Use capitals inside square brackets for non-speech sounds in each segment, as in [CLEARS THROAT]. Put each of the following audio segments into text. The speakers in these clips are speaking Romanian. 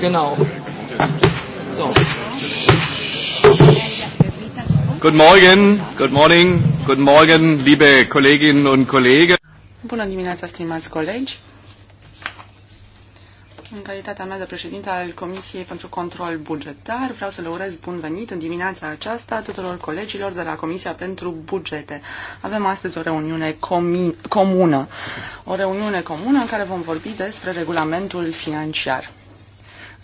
Genau. So. Guten Morgen, good morning, good morning, liebe Kolleginnen und Kollegen. Bună dimineața, stimați colegi. În calitatea mea de președinte al Comisiei pentru Control Bugetar, vreau să le urez bun venit în dimineața aceasta tuturor colegilor de la Comisia pentru Bugete. Avem astăzi o reuniune comună, o reuniune comună în care vom vorbi despre regulamentul financiar.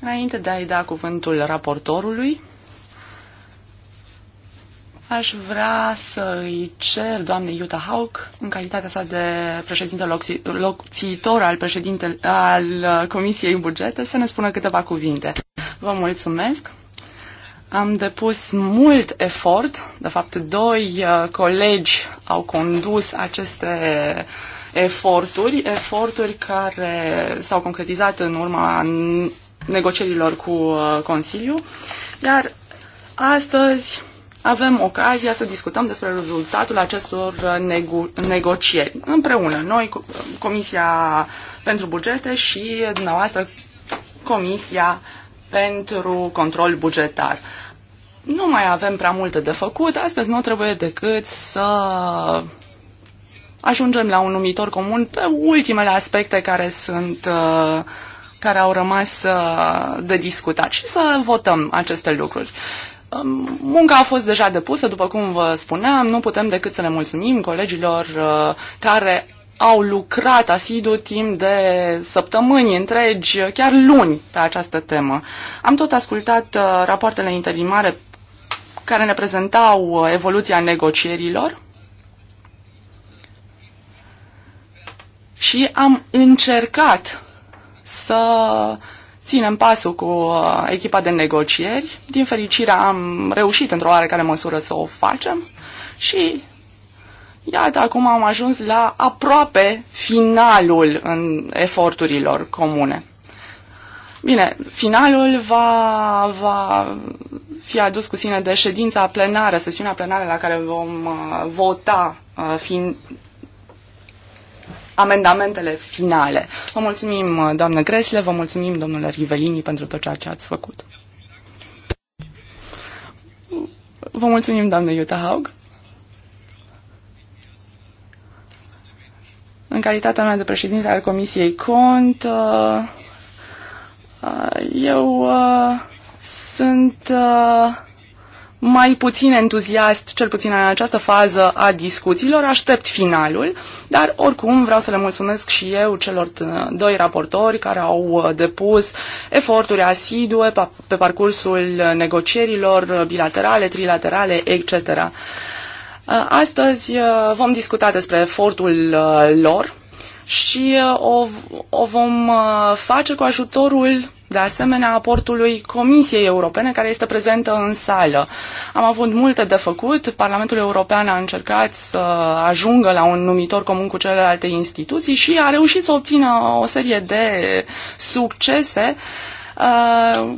Înainte de a-i da cuvântul raportorului, aș vrea să i cer doamnei Iuta Hauk, în calitatea sa de președinte locțitor al, președinte, al Comisiei Bugete, să ne spună câteva cuvinte. Vă mulțumesc! Am depus mult efort, de fapt doi uh, colegi au condus aceste eforturi, eforturi care s-au concretizat în urma negocierilor cu uh, Consiliu. Iar astăzi avem ocazia să discutăm despre rezultatul acestor uh, nego- negocieri. Împreună, noi, Comisia pentru Bugete și dumneavoastră, Comisia pentru Control Bugetar. Nu mai avem prea multe de făcut, astăzi nu trebuie decât să ajungem la un numitor comun pe ultimele aspecte care sunt uh, care au rămas uh, de discutat și să votăm aceste lucruri. Um, munca a fost deja depusă, după cum vă spuneam, nu putem decât să le mulțumim colegilor uh, care au lucrat asidu timp de săptămâni întregi, uh, chiar luni, pe această temă. Am tot ascultat rapoartele interimare care ne prezentau evoluția negocierilor și am încercat să ținem pasul cu uh, echipa de negocieri. Din fericire am reușit într-o oarecare măsură să o facem și iată, acum am ajuns la aproape finalul în eforturilor comune. Bine, finalul va, va fi adus cu sine de ședința plenară, sesiunea plenară la care vom uh, vota uh, fin, amendamentele finale. Vă mulțumim, doamnă Gresle, vă mulțumim, domnule Rivelini, pentru tot ceea ce ați făcut. Vă mulțumim, doamnă Iuta Haug. În calitatea mea de președinte al Comisiei Cont, uh, uh, eu uh, sunt mai puțin entuziast, cel puțin în această fază a discuțiilor, aștept finalul, dar oricum vreau să le mulțumesc și eu celor doi raportori care au uh, depus eforturi asidue pe parcursul negocierilor bilaterale, trilaterale, etc. Uh, astăzi uh, vom discuta despre efortul lor și o, o vom face cu ajutorul de asemenea aportului Comisiei Europene care este prezentă în sală. Am avut multe de făcut, Parlamentul European a încercat să ajungă la un numitor comun cu celelalte instituții și a reușit să obțină o serie de succese uh,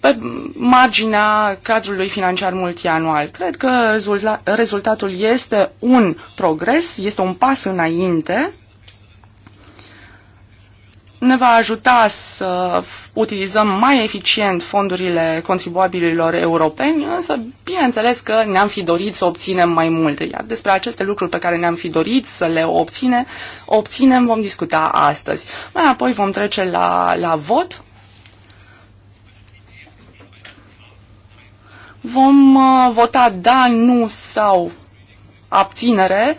pe marginea cadrului financiar multianual. Cred că rezultatul este un progres, este un pas înainte ne va ajuta să utilizăm mai eficient fondurile contribuabililor europeni, însă bineînțeles că ne-am fi dorit să obținem mai multe. Iar despre aceste lucruri pe care ne-am fi dorit să le obține, obținem vom discuta astăzi. Mai apoi vom trece la, la vot. Vom uh, vota da, nu sau abținere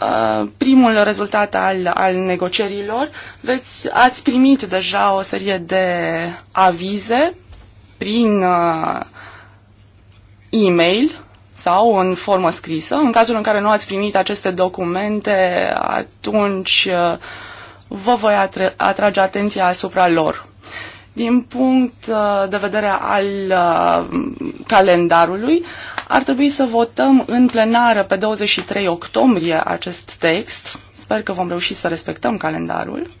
Uh, primul rezultat al, al negocierilor. Veți, ați primit deja o serie de avize prin uh, e-mail sau în formă scrisă. În cazul în care nu ați primit aceste documente, atunci uh, vă voi atrage atenția asupra lor. Din punct uh, de vedere al uh, calendarului, ar trebui să votăm în plenară pe 23 octombrie acest text. Sper că vom reuși să respectăm calendarul.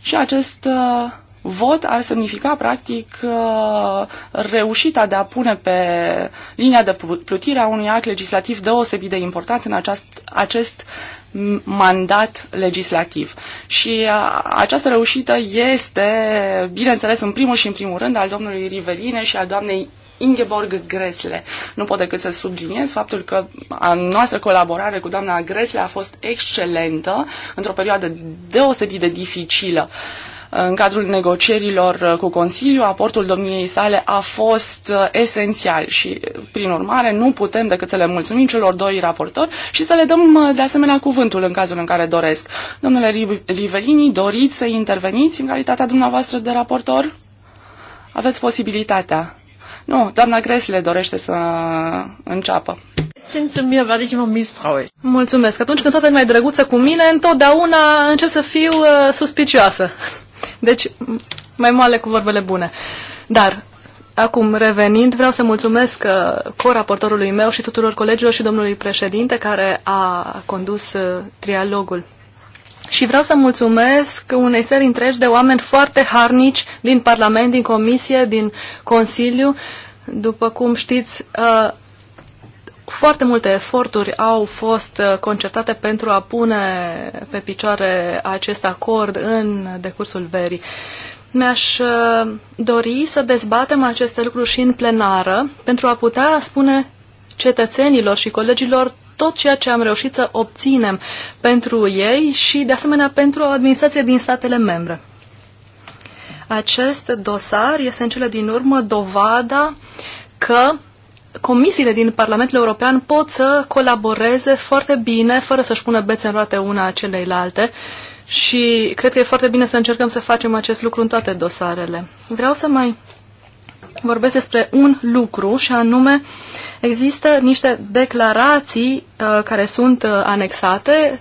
Și acest uh, vot ar semnifica, practic, uh, reușita de a pune pe linia de plutire a unui act legislativ deosebit de important în aceast, acest mandat legislativ. Și această reușită este, bineînțeles, în primul și în primul rând al domnului Riveline și al doamnei Ingeborg Gresle. Nu pot decât să subliniez faptul că a noastră colaborare cu doamna Gresle a fost excelentă într-o perioadă deosebit de dificilă. Uh, în cadrul negocierilor uh, cu Consiliu, aportul domniei sale a fost uh, esențial și, uh, prin urmare, nu putem decât să le mulțumim celor doi raportori și să le dăm, de asemenea, cuvântul în cazul în care doresc. Domnule Rivelini, doriți să interveniți în calitatea dumneavoastră de raportor? Aveți posibilitatea. Nu, doamna Gresle dorește să înceapă. Mulțumesc. Atunci când toată e mai drăguță cu mine, întotdeauna încep să fiu uh, suspicioasă. Deci, mai moale cu vorbele bune. Dar, acum revenind, vreau să mulțumesc uh, co-raportorului meu și tuturor colegilor și domnului președinte care a condus uh, trialogul. Și vreau să mulțumesc unei serii întregi de oameni foarte harnici din Parlament, din Comisie, din Consiliu. După cum știți, uh, foarte multe eforturi au fost uh, concertate pentru a pune pe picioare acest acord în decursul verii. Mi-aș uh, dori să dezbatem aceste lucruri și în plenară pentru a putea spune cetățenilor și colegilor tot ceea ce am reușit să obținem pentru ei și, de asemenea, pentru o administrație din statele membre. Acest dosar este în cele din urmă dovada că comisiile din Parlamentul European pot să colaboreze foarte bine, fără să-și pună bețe în roate una celeilalte și cred că e foarte bine să încercăm să facem acest lucru în toate dosarele. Vreau să mai vorbesc despre un lucru și anume există niște declarații uh, care sunt uh, anexate,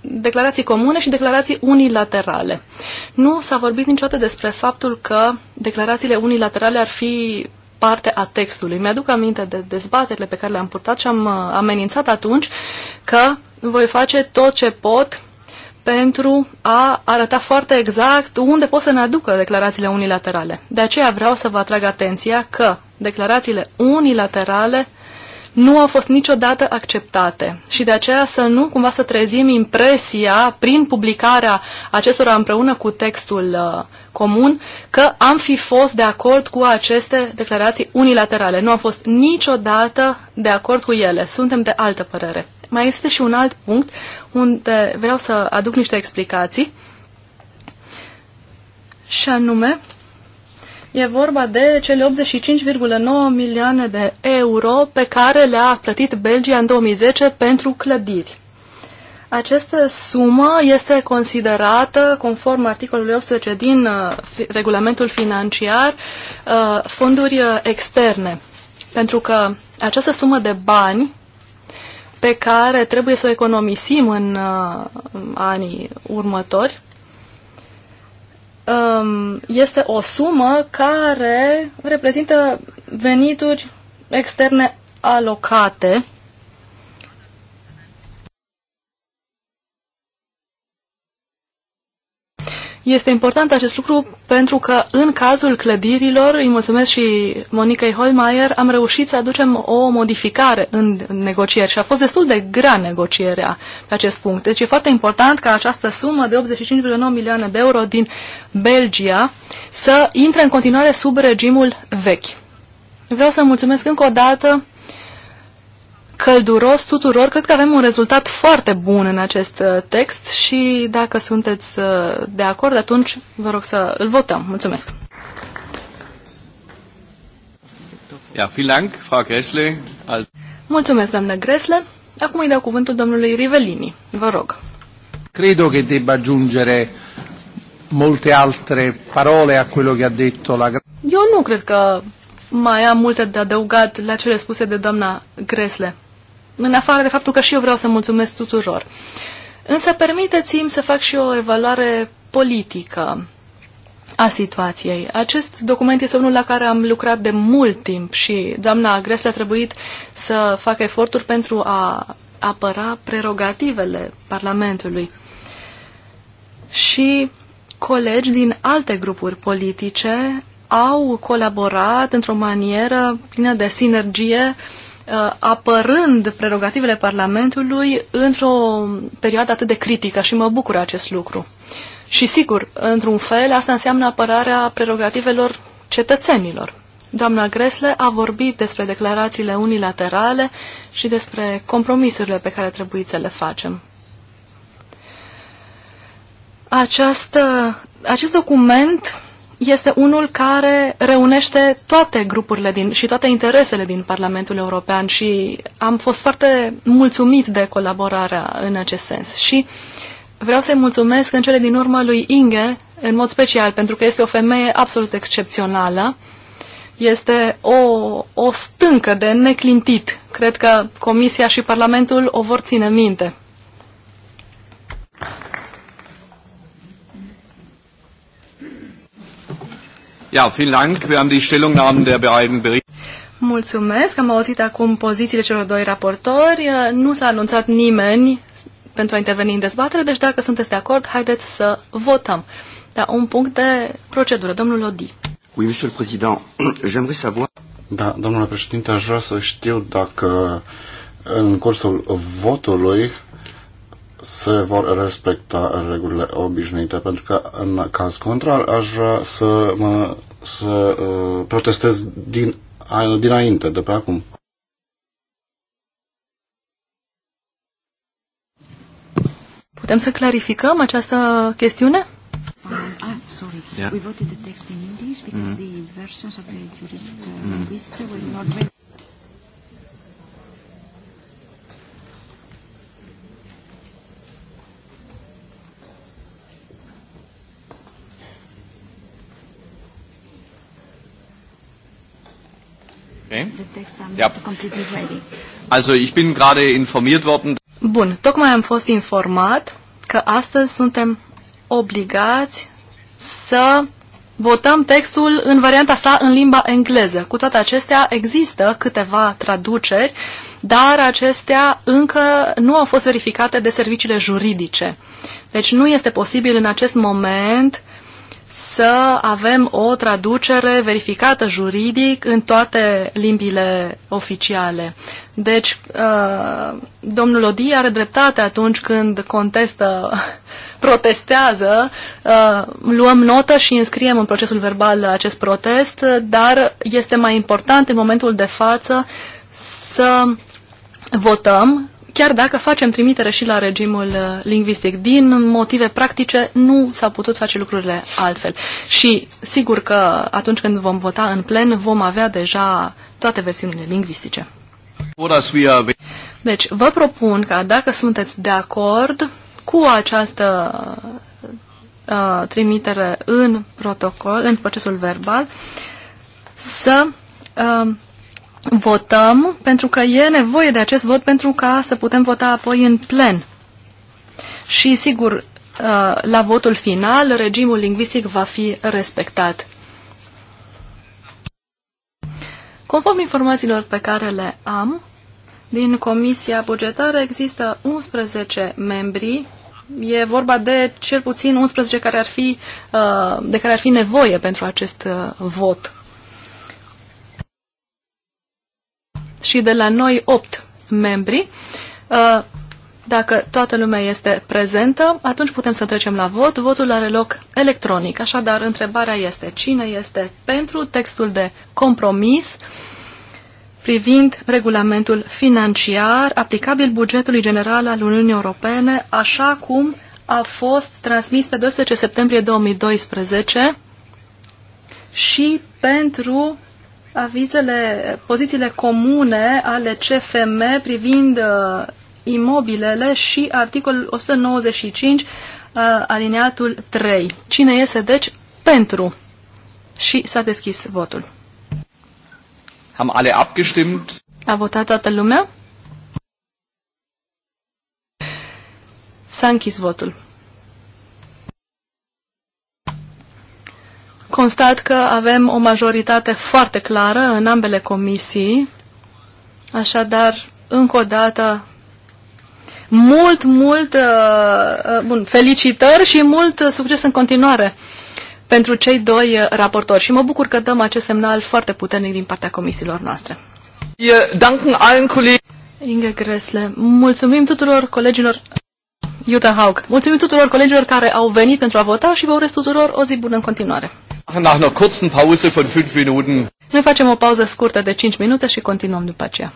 declarații comune și declarații unilaterale. Nu s-a vorbit niciodată despre faptul că declarațiile unilaterale ar fi parte a textului. Mi-aduc aminte de dezbaterile pe care le-am purtat și am uh, amenințat atunci că voi face tot ce pot pentru a arăta foarte exact unde pot să ne aducă declarațiile unilaterale. De aceea vreau să vă atrag atenția că declarațiile unilaterale nu au fost niciodată acceptate și de aceea să nu cumva să trezim impresia prin publicarea acestora împreună cu textul uh, comun că am fi fost de acord cu aceste declarații unilaterale. Nu am fost niciodată de acord cu ele. Suntem de altă părere. Mai este și un alt punct unde vreau să aduc niște explicații. Și anume, e vorba de cele 85,9 milioane de euro pe care le-a plătit Belgia în 2010 pentru clădiri. Această sumă este considerată, conform articolului 18 din uh, regulamentul financiar, uh, fonduri uh, externe. Pentru că această sumă de bani pe care trebuie să o economisim în uh, anii următori um, este o sumă care reprezintă venituri externe alocate Este important acest lucru pentru că în cazul clădirilor, îi mulțumesc și Monicăi Holmeier, am reușit să aducem o modificare în negocieri și a fost destul de grea negocierea pe acest punct. Deci e foarte important ca această sumă de 85,9 milioane de euro din Belgia să intre în continuare sub regimul vechi. Vreau să mulțumesc încă o dată călduros tuturor. Cred că avem un rezultat foarte bun în acest uh, text și dacă sunteți uh, de acord, atunci vă rog să îl votăm. Mulțumesc! Ja, vielen Dank, Frau Gressle. Mulțumesc, doamnă Gresle. Acum îi dau cuvântul domnului Rivelini. Vă rog. Credo che debba aggiungere molte altre parole a quello che ha detto la Eu nu cred că mai am multe de adăugat la cele spuse de doamna Gresle în afară de faptul că și eu vreau să mulțumesc tuturor. Însă permiteți-mi să fac și o evaluare politică a situației. Acest document este unul la care am lucrat de mult timp și doamna Gresle a trebuit să facă eforturi pentru a apăra prerogativele Parlamentului. Și colegi din alte grupuri politice au colaborat într-o manieră plină de sinergie uh, Uh, apărând prerogativele Parlamentului într-o perioadă atât de critică și mă bucură acest lucru. Și sigur, într-un fel, asta înseamnă apărarea prerogativelor cetățenilor. Doamna Gresle a vorbit despre declarațiile unilaterale și despre compromisurile pe care trebuie să le facem. Această, acest document este unul care reunește toate grupurile din, și toate interesele din Parlamentul European și am fost foarte mulțumit de colaborarea în acest sens. Și vreau să-i mulțumesc în cele din urmă lui Inge, în mod special, pentru că este o femeie absolut excepțională. Este o, o stâncă de neclintit. Cred că Comisia și Parlamentul o vor ține minte. Ja, vielen Dank. Wir haben die Stellungnahmen der beiden Berichte. Mulțumesc, am auzit acum pozițiile celor doi raportori. Nu s-a anunțat nimeni pentru a interveni în dezbatere, deci dacă sunteți de acord, haideți să votăm. Da, un punct de procedură. Domnul Lodi. Oui, monsieur le président, [CLEARS THROAT] j'aimerais savoir... Da, domnule președinte, aș vrea să știu dacă în cursul votului se vor respecta regulile obișnuite, pentru că în caz contrar aș vrea să, mă, să uh, protestez din, dinainte, de pe acum. Putem să clarificăm această chestiune? Ah, sorry. Yeah. We voted the text in English because mm. the versions of the jurist uh, mm. were not ready. Also, ich bin gerade informiert worden. Bun, tocmai am fost informat că astăzi suntem obligați să votăm textul în varianta sa în limba engleză. Cu toate acestea există câteva traduceri, dar acestea încă nu au fost verificate de serviciile juridice. Deci nu este posibil în acest moment uh, să avem o traducere verificată juridic în toate limbile oficiale. Deci, uh, domnul Odi are dreptate atunci când contestă, [LAUGHS] protestează, uh, luăm notă și înscriem în procesul verbal acest protest, dar este mai important în momentul de față să votăm chiar dacă facem trimitere și la regimul uh, lingvistic. Din motive practice nu s-au putut face lucrurile altfel. Și sigur că atunci când vom vota în plen vom avea deja toate versiunile lingvistice. Deci, vă propun că dacă sunteți de acord cu această uh, trimitere în protocol, în procesul verbal, să uh, votăm, pentru că e nevoie de acest vot pentru ca să putem vota apoi în plen. Și, sigur, uh, la votul final, regimul lingvistic va fi respectat. Conform informațiilor pe care le am, din Comisia Bugetară există 11 membri. E vorba de cel puțin 11 care ar fi, uh, de care ar fi nevoie pentru acest uh, vot. și de la noi 8 membri. Uh, dacă toată lumea este prezentă, atunci putem să trecem la vot. Votul are loc electronic, așadar întrebarea este cine este pentru textul de compromis privind regulamentul financiar aplicabil bugetului general al Uniunii Europene, așa cum a fost transmis pe 12 septembrie 2012 și pentru avizele, pozițiile comune ale CFM privind uh, imobilele și articolul 195 uh, alineatul 3. Cine este deci pentru? Și s-a deschis votul. Am ale abgestimt. A votat toată lumea? S-a închis votul. Constat că avem o majoritate foarte clară în ambele comisii, așadar, încă o dată, mult, mult, uh, uh, bun, felicitări și mult uh, succes în continuare pentru cei doi raportori și mă bucur că dăm acest semnal foarte puternic din partea comisiilor noastre. Inge Gresle, mulțumim tuturor colegilor Jutta Haug, mulțumim tuturor colegilor care au venit pentru a vota și vă urez tuturor o zi bună în continuare. Nach einer kurzen Pause von fünf Minuten. Noi facem o pauză scurtă de 5 minute și continuăm după aceea.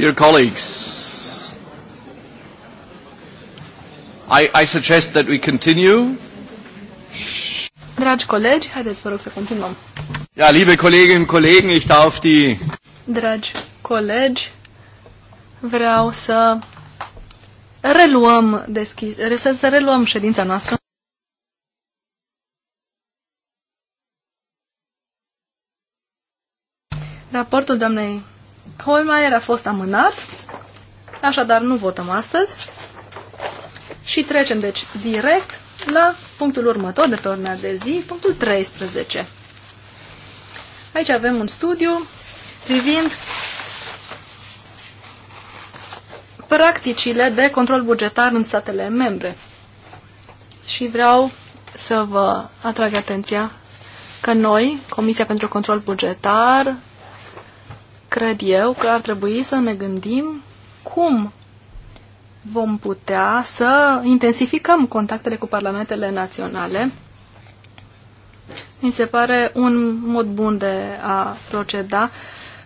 Dear colleagues, I, I suggest that we continue. Dragi colegi, haideți vă rog să continuăm. Ja, liebe Kolleginnen und Kollegen, ich darf die Dragi colegi, vreau să reluăm deschis, să, reluăm ședința noastră. Raportul doamnei Holmeier a fost amânat, așadar nu votăm astăzi. Și trecem, deci, direct la punctul următor de pe ordinea de zi, punctul 13. Aici avem un studiu privind practicile de control bugetar în statele membre. Și vreau să vă atrag atenția că noi, Comisia pentru Control Bugetar, cred eu că ar trebui să ne gândim cum vom putea să intensificăm contactele cu parlamentele naționale. Mi se pare un mod bun de a proceda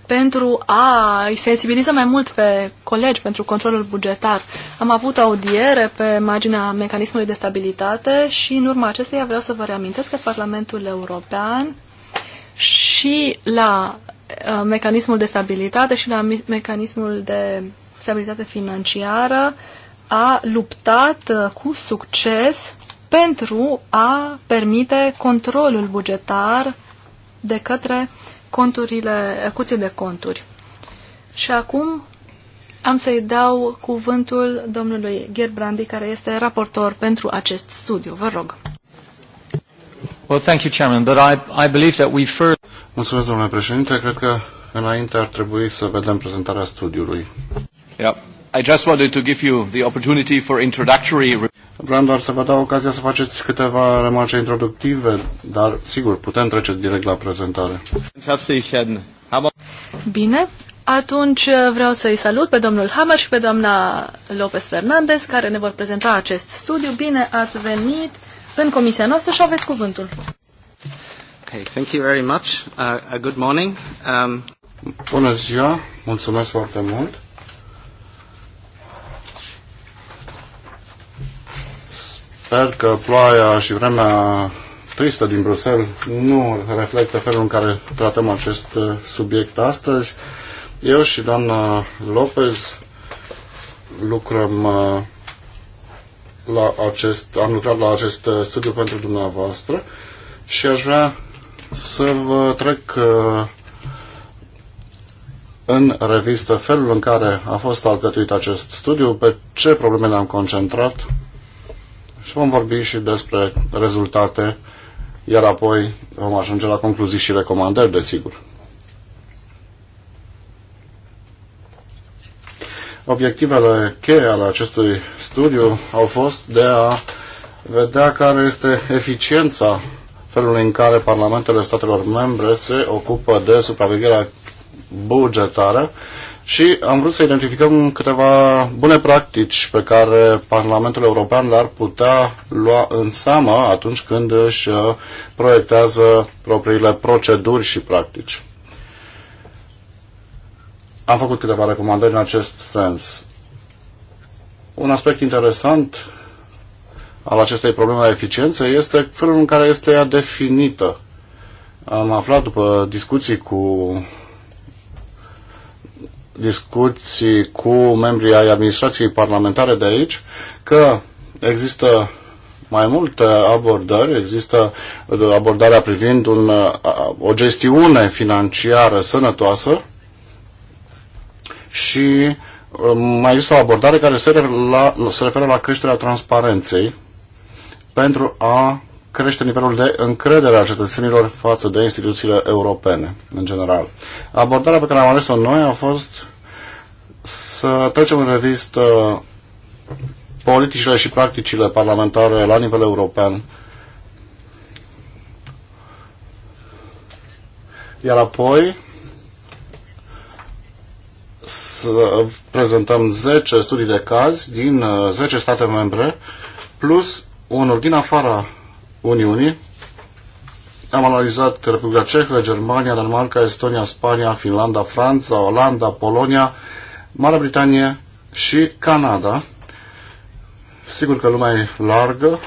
pentru a îi sensibiliza mai mult pe colegi pentru controlul bugetar. Am avut audiere pe marginea mecanismului de stabilitate și în urma acesteia vreau să vă reamintesc că Parlamentul European și la Uh, mecanismul de stabilitate și la mecanismul de stabilitate financiară a luptat uh, cu succes pentru a permite controlul bugetar de către conturile, uh, curții de conturi. Și acum am să-i dau cuvântul domnului Gerbrandi, care este raportor pentru acest studiu. Vă rog. Well, thank you, Chairman, but I, I believe that we first... Mulțumesc, domnule președinte. Cred că înainte ar trebui să vedem prezentarea studiului. Yeah. I just wanted to give you the opportunity for introductory... Vreau doar să vă dau ocazia să faceți câteva remarce introductive, dar sigur, putem trece direct la prezentare. Bine, atunci uh, vreau să-i salut pe domnul Hammer și pe doamna Lopez Fernandez, care ne vor prezenta acest studiu. Bine ați venit! în comisia noastră și aveți cuvântul. Okay, thank you very much. Uh, uh, good morning. Um... Bună ziua, mulțumesc foarte mult. Sper că ploaia și vremea tristă din Bruxelles nu reflectă felul în care tratăm acest uh, subiect astăzi. Eu și doamna Lopez lucrăm uh, la acest, am lucrat la acest uh, studiu pentru dumneavoastră și aș vrea să vă trec uh, în revistă felul în care a fost alcătuit acest studiu, pe ce probleme ne-am concentrat și vom vorbi și despre rezultate, iar apoi vom ajunge la concluzii și recomandări, desigur. Obiectivele cheie ale acestui studiu au fost de a vedea care este eficiența felului în care parlamentele statelor membre se ocupă de supravegherea bugetară și am vrut să identificăm câteva bune practici pe care Parlamentul European le-ar putea lua în seamă atunci când își uh, proiectează propriile proceduri și practici. Am făcut câteva recomandări în acest sens. Un aspect interesant al acestei probleme a eficienței este felul în care este ea definită. Am aflat după discuții cu discuții cu membrii ai administrației parlamentare de aici că există mai multe abordări, există uh, abordarea privind un, uh, o gestiune financiară sănătoasă și um, mai există o abordare care se referă la, se referă la creșterea transparenței pentru a crește nivelul de încredere a cetățenilor față de instituțiile europene, în general. Abordarea pe care am ales-o noi a fost să trecem în revistă politicile și practicile parlamentare la nivel european, iar apoi să prezentăm 10 studii de caz din 10 uh, state membre plus unul din afara Uniunii. Am analizat Republica Cehă, Germania, Danemarca, Estonia, Spania, Finlanda, Franța, Olanda, Polonia, Marea Britanie și Canada. Sigur că lumea e largă,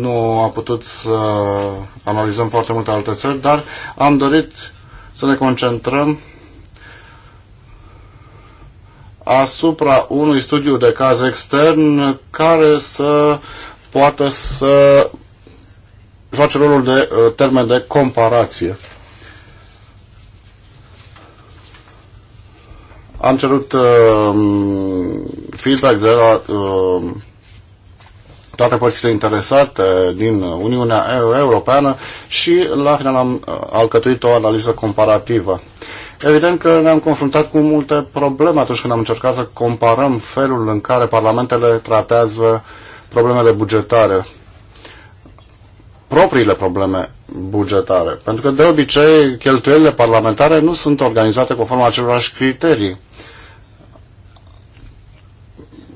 nu a putut să analizăm foarte multe alte țări, dar am dorit să ne concentrăm asupra unui studiu de caz extern care să poată să joace rolul de uh, termen de comparație. Am cerut uh, feedback de la uh, toate părțile interesate din Uniunea Europeană și la final am uh, alcătuit o analiză comparativă. Evident că ne-am confruntat cu multe probleme atunci când am încercat să comparăm felul în care parlamentele tratează problemele bugetare, propriile probleme bugetare, pentru că de obicei cheltuielile parlamentare nu sunt organizate conform acelorași criterii.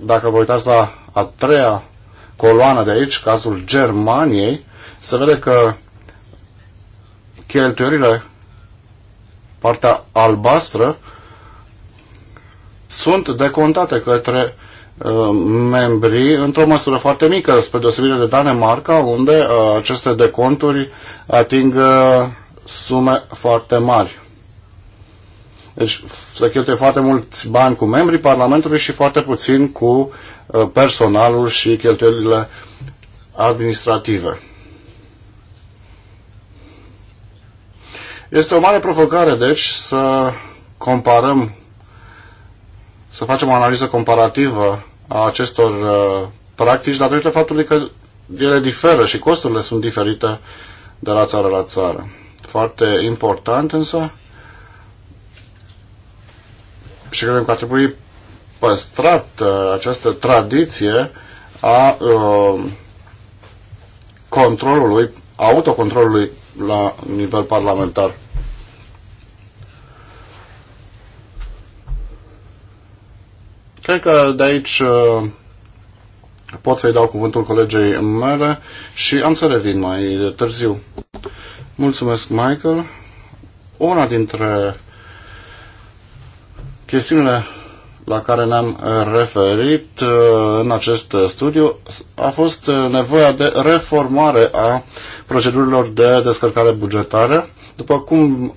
Dacă vă uitați la a treia coloană de aici, cazul Germaniei, se vede că cheltuielile partea albastră, sunt decontate către uh, membrii într-o măsură foarte mică, spre deosebire de Danemarca, unde uh, aceste deconturi ating uh, sume foarte mari. Deci se cheltuie foarte mulți bani cu membrii Parlamentului și foarte puțin cu uh, personalul și cheltuielile administrative. Este o mare provocare, deci, să comparăm, să facem o analiză comparativă a acestor uh, practici datorită faptului că ele diferă și costurile sunt diferite de la țară la țară. Foarte important însă și credem că ar trebui păstrat uh, această tradiție a uh, controlului, autocontrolului la nivel parlamentar. Cred că de aici uh, pot să-i dau cuvântul colegei mele și am să revin mai târziu. Mulțumesc, Michael. Una dintre chestiunile la care ne-am referit uh, în acest studiu a fost nevoia de reformare a procedurilor de descărcare bugetară. După cum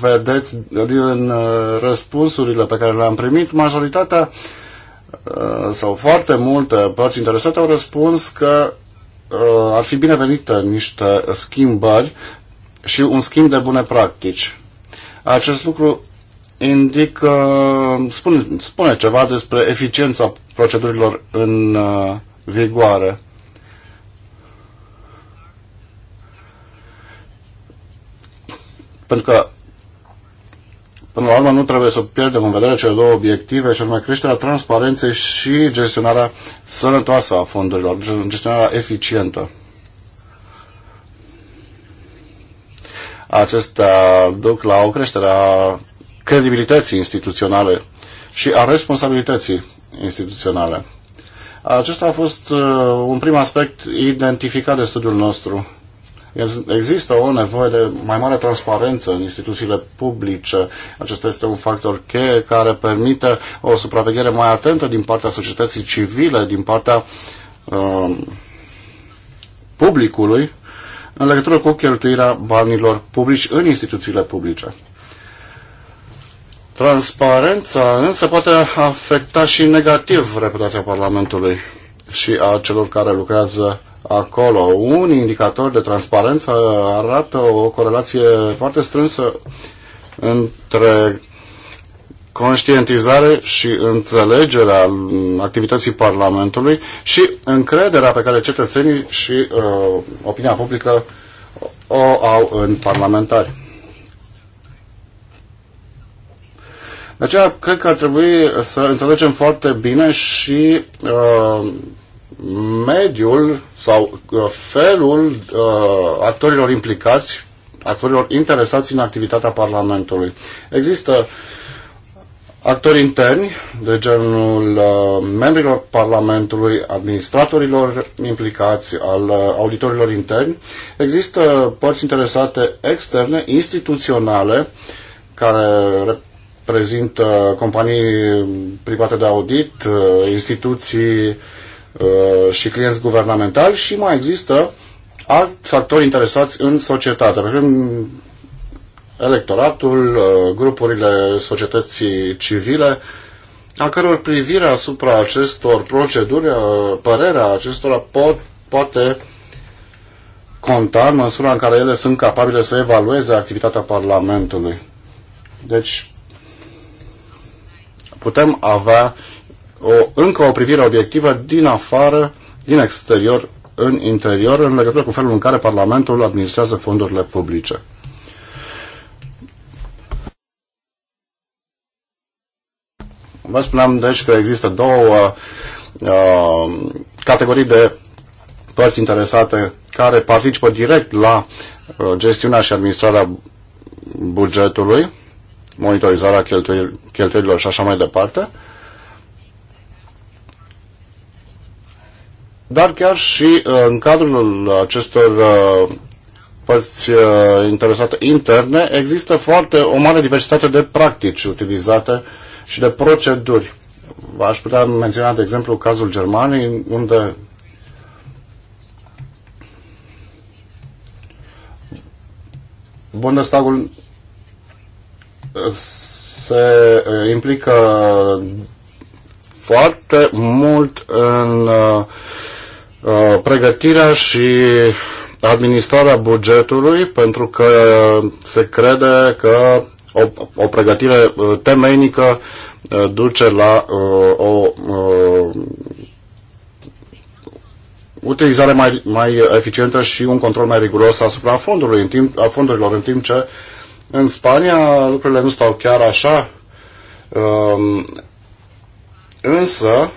vedeți din uh, răspunsurile pe care le-am primit, majoritatea uh, Uh, sau foarte multe părți interesate au răspuns că uh, ar fi binevenite niște schimbări și un schimb de bune practici. Acest lucru indică, spune, spune ceva despre eficiența procedurilor în uh, vigoare. Pentru că Până la urmă, nu trebuie să pierdem în vedere cele două obiective, și anume creșterea transparenței și gestionarea sănătoasă a fondurilor, gestionarea eficientă. Acestea duc la o creștere a credibilității instituționale și a responsabilității instituționale. Acesta a fost uh, un prim aspect identificat de studiul nostru Există o nevoie de mai mare transparență în instituțiile publice. Acesta este un factor cheie care permite o supraveghere mai atentă din partea societății civile, din partea um, publicului, în legătură cu cheltuirea banilor publici în instituțiile publice. Transparența însă poate afecta și negativ reputația Parlamentului și a celor care lucrează acolo. Un indicator de transparență arată o corelație foarte strânsă între conștientizare și înțelegerea activității Parlamentului și încrederea pe care cetățenii și uh, opinia publică o au în parlamentari. De aceea, cred că ar trebui să înțelegem foarte bine și uh, mediul sau uh, felul uh, actorilor implicați, actorilor interesați în activitatea Parlamentului. Există actori interni de genul uh, membrilor Parlamentului, administratorilor implicați, al uh, auditorilor interni. Există părți interesate externe, instituționale, care reprezintă companii private de audit, uh, instituții Uh, și clienți guvernamentali și mai există alți actori interesați în societate, exemplu electoratul, uh, grupurile societății civile, a căror privire asupra acestor proceduri, uh, părerea acestora pot, poate conta în măsura în care ele sunt capabile să evalueze activitatea Parlamentului. Deci, putem avea o, încă o privire obiectivă din afară, din exterior, în interior, în legătură cu felul în care Parlamentul administrează fondurile publice. Vă spuneam deci că există două uh, categorii de părți interesate care participă direct la uh, gestiunea și administrarea bugetului, monitorizarea cheltuielilor și așa mai departe, dar chiar și uh, în cadrul acestor uh, părți uh, interesate interne există foarte o mare diversitate de practici utilizate și de proceduri. Aș putea menționa, de exemplu, cazul Germaniei, unde Bundestagul se implică foarte mult în Uh, pregătirea și administrarea bugetului, pentru că se crede că o, o pregătire uh, temeinică uh, duce la o, o utilizare mai, mai eficientă și un control mai riguros asupra fondului, în timp, a fondurilor, în timp ce în Spania lucrurile nu stau chiar așa. Um, însă,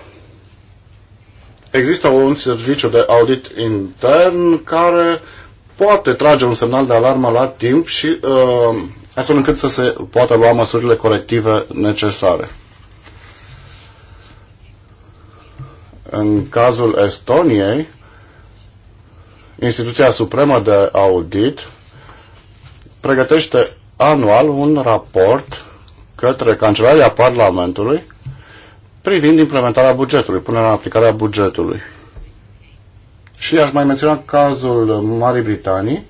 există un serviciu de audit intern care poate trage un semnal de alarmă la timp și uh, astfel încât să se poată lua măsurile corective necesare. În cazul Estoniei, Instituția Supremă de Audit pregătește anual un raport către Cancelaria Parlamentului privind implementarea bugetului, punerea în aplicarea bugetului. Și aș mai menționa cazul Marii Britanii,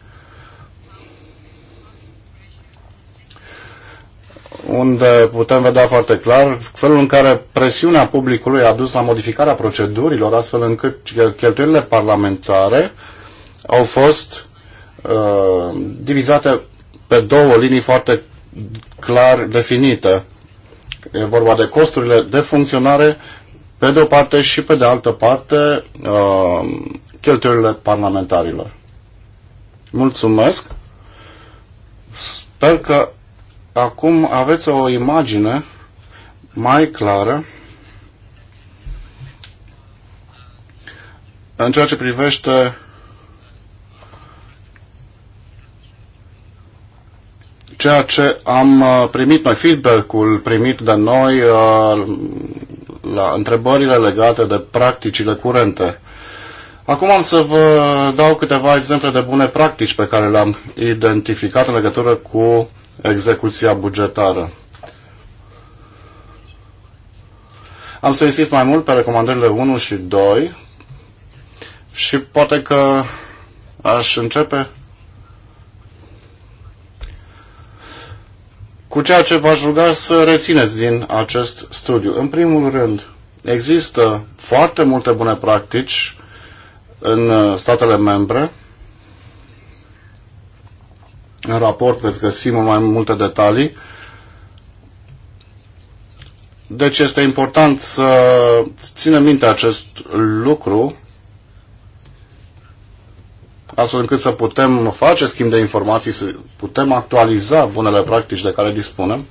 unde putem vedea foarte clar felul în care presiunea publicului a dus la modificarea procedurilor, astfel încât cheltuielile parlamentare au fost uh, divizate pe două linii foarte clar definite. E vorba de costurile de funcționare pe de o parte și pe de altă parte uh, cheltuielile parlamentarilor. Mulțumesc! Sper că acum aveți o imagine mai clară în ceea ce privește ceea ce am uh, primit noi, feedback-ul primit de noi uh, la întrebările legate de practicile curente. Acum am să vă dau câteva exemple de bune practici pe care le-am identificat în legătură cu execuția bugetară. Am să insist mai mult pe recomandările 1 și 2 și poate că aș începe cu ceea ce v-aș ruga să rețineți din acest studiu. În primul rând, există foarte multe bune practici în uh, statele membre. În raport veți găsi mult mai multe detalii. Deci este important să ținem minte acest lucru astfel încât să putem face schimb de informații, să putem actualiza bunele practici de care dispunem.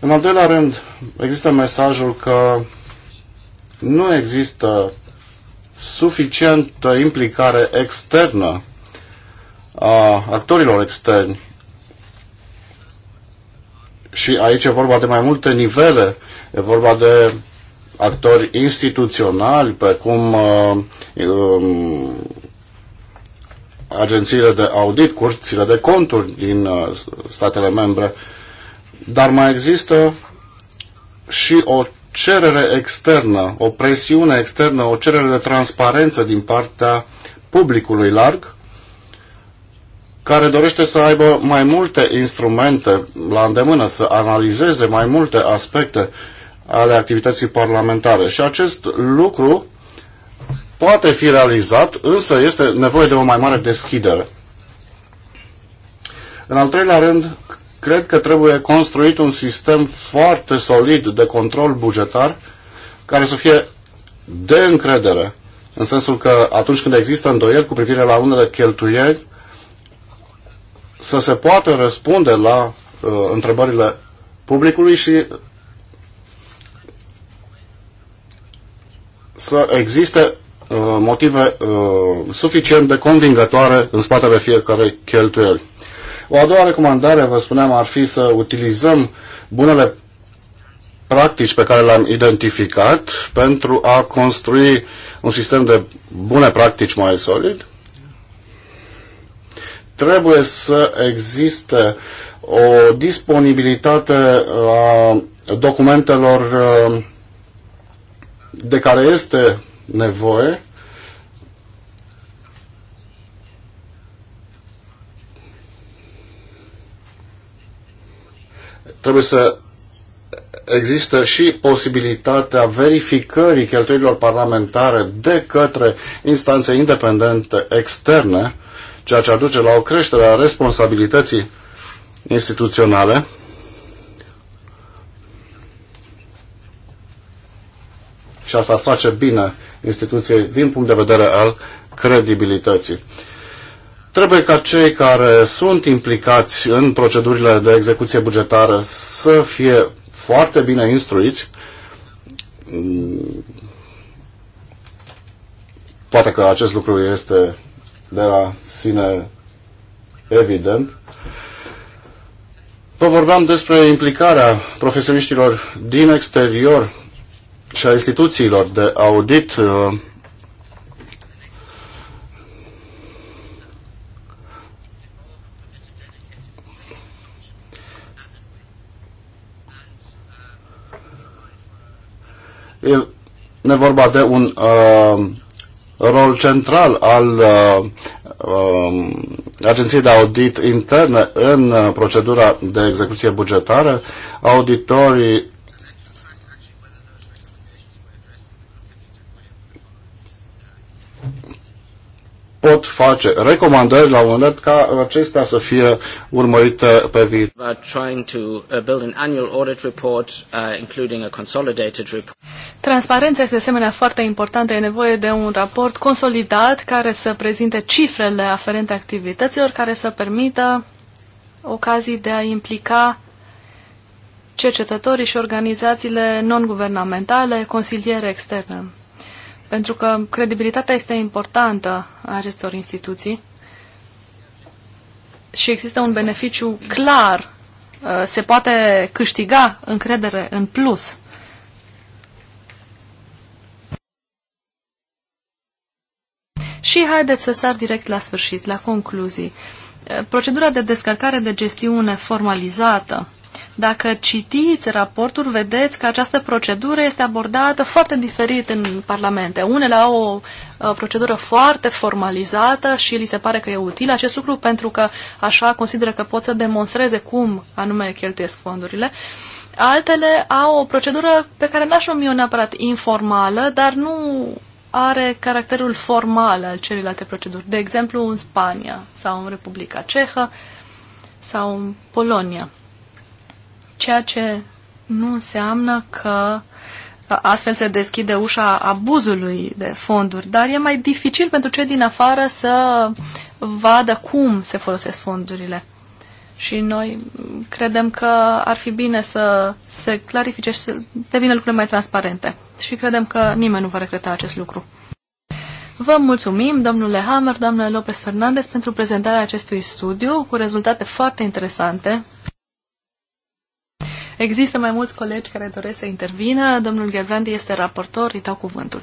În al doilea rând, există mesajul că nu există suficientă implicare externă a actorilor externi și aici e vorba de mai multe nivele, e vorba de actori instituționali, precum uh, um, agențiile de audit, curțile de conturi din uh, statele membre, dar mai există și o cerere externă, o presiune externă, o cerere de transparență din partea publicului larg, care dorește să aibă mai multe instrumente la îndemână, să analizeze mai multe aspecte ale activității parlamentare. Și acest lucru poate fi realizat, însă este nevoie de o mai mare deschidere. În al treilea rând, cred că trebuie construit un sistem foarte solid de control bugetar care să fie de încredere, în sensul că atunci când există îndoieli cu privire la unele cheltuieli, să se poată răspunde la uh, întrebările publicului și să existe Uh, motive uh, suficient de convingătoare în spatele fiecarei cheltuieli. O a doua recomandare, vă spuneam, ar fi să utilizăm bunele practici pe care le-am identificat pentru a construi un sistem de bune practici mai solid. Trebuie să existe o disponibilitate a uh, documentelor de care este nevoie. Trebuie să există și posibilitatea verificării cheltuielilor parlamentare de către instanțe independente externe, ceea ce aduce la o creștere a responsabilității instituționale. Și asta ar face bine instituției din punct de vedere al credibilității. Trebuie ca cei care sunt implicați în procedurile de execuție bugetară să fie foarte bine instruiți. Poate că acest lucru este de la sine evident. Vă vorbeam despre implicarea profesioniștilor din exterior și a instituțiilor de audit uh, E ne vorba de un uh, rol central al uh, uh, Agenției de Audit Interne în uh, procedura de execuție bugetară. Auditorii pot face recomandări la un moment dat ca acestea să fie urmărite pe viitor. Uh, uh, Transparența este de asemenea foarte importantă. E nevoie de un raport consolidat care să prezinte cifrele aferente activităților, care să permită ocazii de a implica cercetătorii și organizațiile non-guvernamentale, consiliere externă pentru că credibilitatea este importantă a acestor instituții și există un beneficiu clar. Uh, se poate câștiga încredere în plus. Și haideți să sar direct la sfârșit, la concluzii. Uh, procedura de descărcare de gestiune formalizată dacă citiți raportul, vedeți că această procedură este abordată foarte diferit în parlamente. Unele au o procedură foarte formalizată și li se pare că e util acest lucru pentru că așa consideră că pot să demonstreze cum anume cheltuiesc fondurile. Altele au o procedură pe care n-aș numi-o neapărat informală, dar nu are caracterul formal al celelalte proceduri. De exemplu, în Spania sau în Republica Cehă sau în Polonia ceea ce nu înseamnă că astfel se deschide ușa abuzului de fonduri, dar e mai dificil pentru cei din afară să vadă cum se folosesc fondurile. Și noi credem că ar fi bine să se clarifice și să devină lucrurile mai transparente. Și credem că nimeni nu va regreta acest lucru. Vă mulțumim, domnule Hammer, doamnă Lopez Fernandez, pentru prezentarea acestui studiu cu rezultate foarte interesante Există mai mulți colegi care doresc să intervină. Domnul Gerbrandi este raportor, îi dau cuvântul.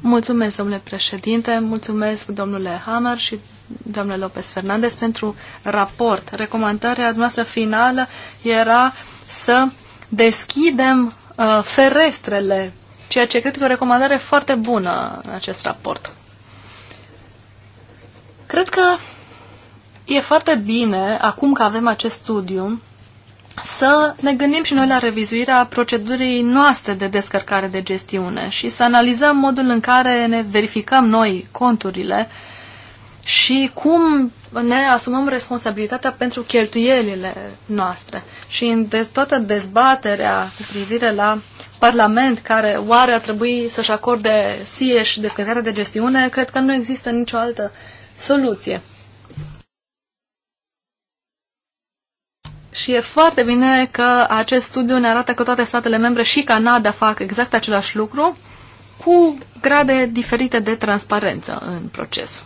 Mulțumesc, domnule președinte, mulțumesc, domnule Hammer și domnule Lopez Fernandez, pentru raport. Recomandarea noastră finală era să deschidem uh, ferestrele, ceea ce cred că e o recomandare foarte bună în acest raport. Cred că e foarte bine, acum că avem acest studiu, să ne gândim și noi la revizuirea procedurii noastre de descărcare de gestiune și să analizăm modul în care ne verificăm noi conturile și cum ne asumăm responsabilitatea pentru cheltuielile noastre. Și în de toată dezbaterea cu privire la Parlament, care oare ar trebui să-și acorde SIE și descărcarea de gestiune, cred că nu există nicio altă soluție. Și e foarte bine că acest studiu ne arată că toate statele membre și Canada fac exact același lucru, cu grade diferite de transparență în proces.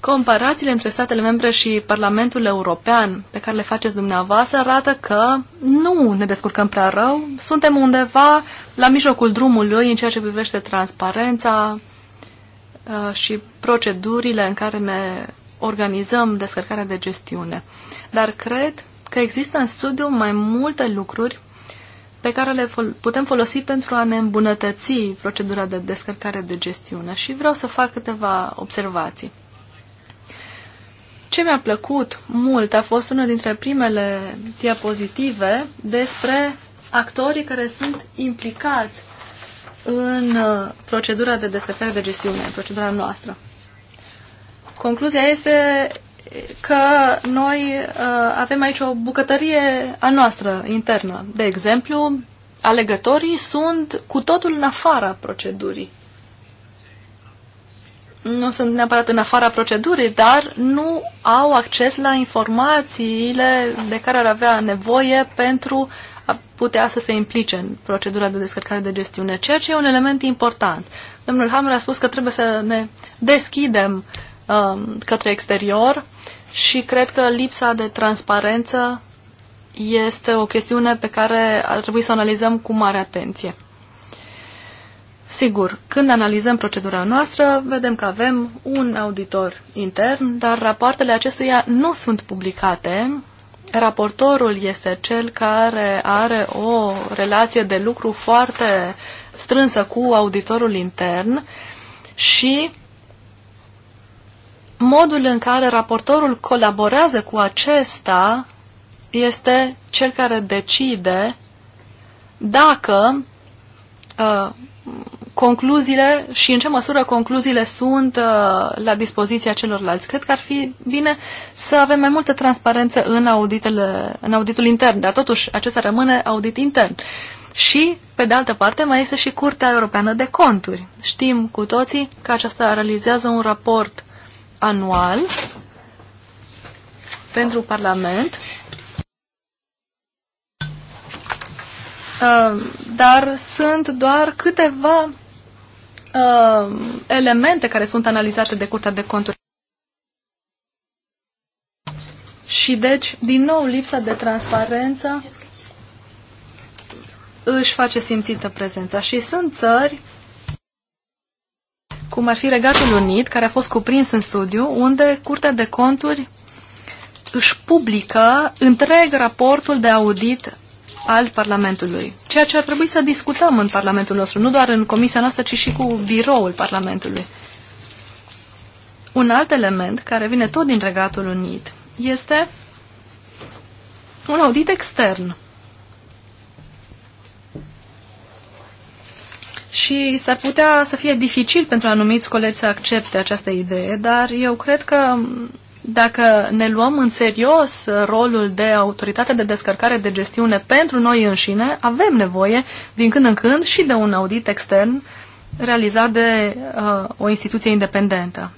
Comparațiile între statele membre și Parlamentul European pe care le faceți dumneavoastră arată că nu ne descurcăm prea rău, suntem undeva la mijlocul drumului în ceea ce privește transparența, Uh, și procedurile în care ne organizăm descărcarea de gestiune. Dar cred că există în studiu mai multe lucruri pe care le putem folosi pentru a ne îmbunătăți procedura de descărcare de gestiune și vreau să fac câteva observații. Ce mi-a plăcut mult a fost una dintre primele diapozitive despre actorii care sunt implicați în uh, procedura de desfătare de gestiune, în procedura noastră. Concluzia este că noi uh, avem aici o bucătărie a noastră internă. De exemplu, alegătorii sunt cu totul în afara procedurii. Nu sunt neapărat în afara procedurii, dar nu au acces la informațiile de care ar avea nevoie pentru putea să se implice în procedura de descărcare de gestiune, ceea ce e un element important. Domnul Hammer a spus că trebuie să ne deschidem um, către exterior și cred că lipsa de transparență este o chestiune pe care ar trebui să o analizăm cu mare atenție. Sigur, când analizăm procedura noastră, vedem că avem un auditor intern, dar rapoartele acestuia nu sunt publicate raportorul este cel care are o relație de lucru foarte strânsă cu auditorul intern și modul în care raportorul colaborează cu acesta este cel care decide dacă uh, concluziile și în ce măsură concluziile sunt uh, la dispoziția celorlalți. Cred că ar fi bine să avem mai multă transparență în, auditele, în auditul intern, dar totuși acesta rămâne audit intern. Și, pe de altă parte, mai este și Curtea Europeană de Conturi. Știm cu toții că aceasta realizează un raport anual pentru Parlament uh, dar sunt doar câteva uh, elemente care sunt analizate de Curtea de Conturi. Și deci, din nou, lipsa de transparență își face simțită prezența. Și sunt țări, cum ar fi Regatul Unit, care a fost cuprins în studiu, unde Curtea de Conturi își publică întreg raportul de audit al Parlamentului. Ceea ce ar trebui să discutăm în Parlamentul nostru, nu doar în comisia noastră, ci și cu biroul Parlamentului. Un alt element care vine tot din Regatul Unit este un audit extern. Și s-ar putea să fie dificil pentru anumiți colegi să accepte această idee, dar eu cred că dacă ne luăm în serios rolul de autoritate de descărcare de gestiune pentru noi înșine, avem nevoie din când în când și de un audit extern realizat de uh, o instituție independentă.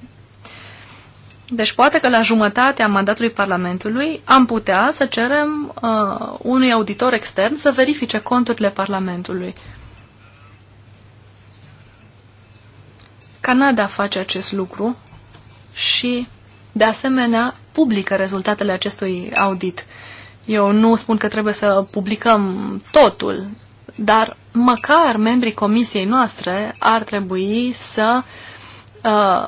Deci poate că la jumătatea mandatului Parlamentului am putea să cerem uh, unui auditor extern să verifice conturile Parlamentului. Canada face acest lucru și de asemenea, publică rezultatele acestui audit. Eu nu spun că trebuie să publicăm totul, dar măcar membrii comisiei noastre ar trebui să uh,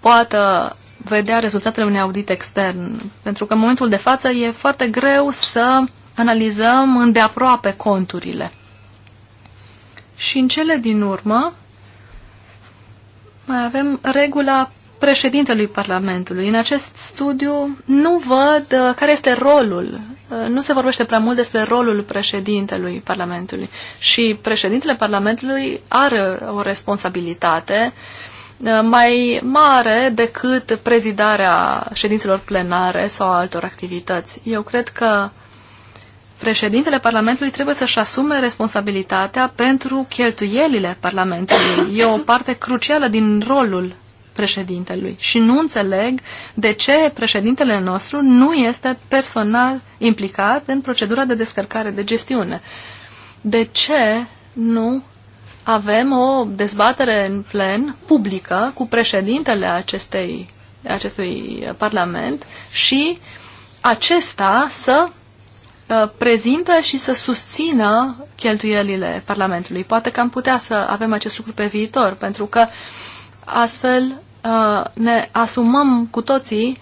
poată vedea rezultatele unui audit extern. Pentru că în momentul de față e foarte greu să analizăm îndeaproape conturile. Și în cele din urmă mai avem regula președintelui Parlamentului. În acest studiu nu văd uh, care este rolul, uh, nu se vorbește prea mult despre rolul președintelui Parlamentului. Și președintele Parlamentului are o responsabilitate uh, mai mare decât prezidarea ședințelor plenare sau altor activități. Eu cred că președintele Parlamentului trebuie să-și asume responsabilitatea pentru cheltuielile Parlamentului. E o parte crucială din rolul președintelui. Și nu înțeleg de ce președintele nostru nu este personal implicat în procedura de descărcare de gestiune. De ce nu avem o dezbatere în plen publică cu președintele acestei, acestui parlament și acesta să uh, prezintă și să susțină cheltuielile Parlamentului. Poate că am putea să avem acest lucru pe viitor, pentru că uh, Astfel uh, ne asumăm cu toții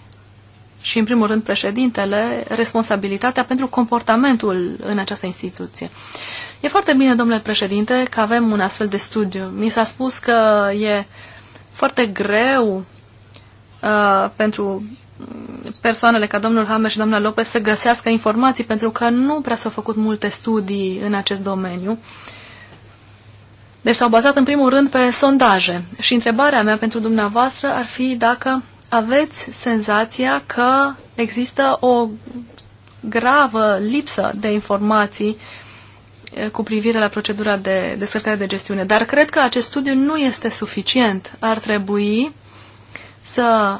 și în primul rând președintele responsabilitatea pentru comportamentul în această instituție. E foarte bine, domnule președinte, că avem un astfel de studiu. Mi s-a spus că e foarte greu uh, pentru persoanele ca domnul Hammer și doamna Lopez să găsească informații, pentru că nu prea s-au făcut multe studii în acest domeniu. Uh, deci s-au bazat în primul rând pe sondaje și întrebarea mea pentru dumneavoastră ar fi dacă aveți senzația că există o gravă lipsă de informații eh, cu privire la procedura de descărcare de gestiune. Dar cred că acest studiu nu este suficient. Ar trebui să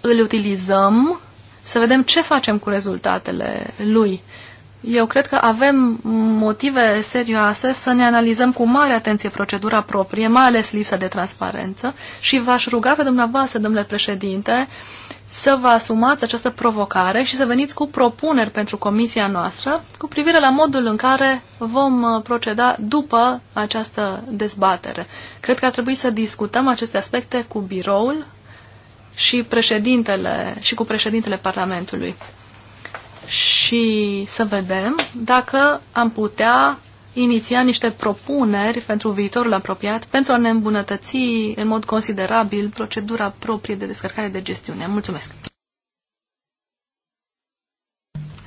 îl utilizăm, să vedem ce facem cu rezultatele lui. Eu cred că avem motive serioase să ne analizăm cu mare atenție procedura proprie, mai ales lipsa de transparență și v-aș ruga pe dumneavoastră, domnule președinte, să vă asumați această provocare și să veniți cu propuneri pentru comisia noastră cu privire la modul în care vom uh, proceda după această dezbatere. Cred că ar trebui să discutăm aceste aspecte cu biroul și, președintele, și cu președintele Parlamentului și să vedem dacă am putea iniția niște propuneri pentru viitorul apropiat pentru a ne îmbunătăți în mod considerabil procedura proprie de descărcare de gestiune. Mulțumesc!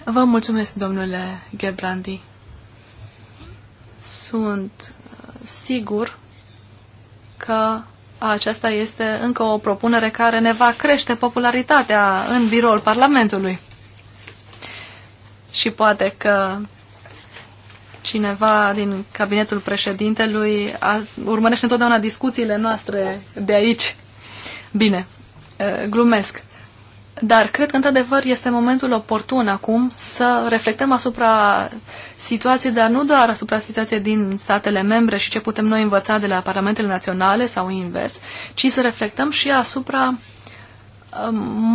Vă mulțumesc, domnule Gebrandi. Sunt uh, sigur că aceasta este încă o propunere care ne va crește popularitatea în biroul Parlamentului și poate că cineva din cabinetul președintelui a, urmărește întotdeauna discuțiile noastre de aici. Bine, glumesc. Dar cred că, într-adevăr, este momentul oportun acum să reflectăm asupra situației, dar nu doar asupra situației din statele membre și ce putem noi învăța de la parlamentele naționale sau invers, ci să reflectăm și asupra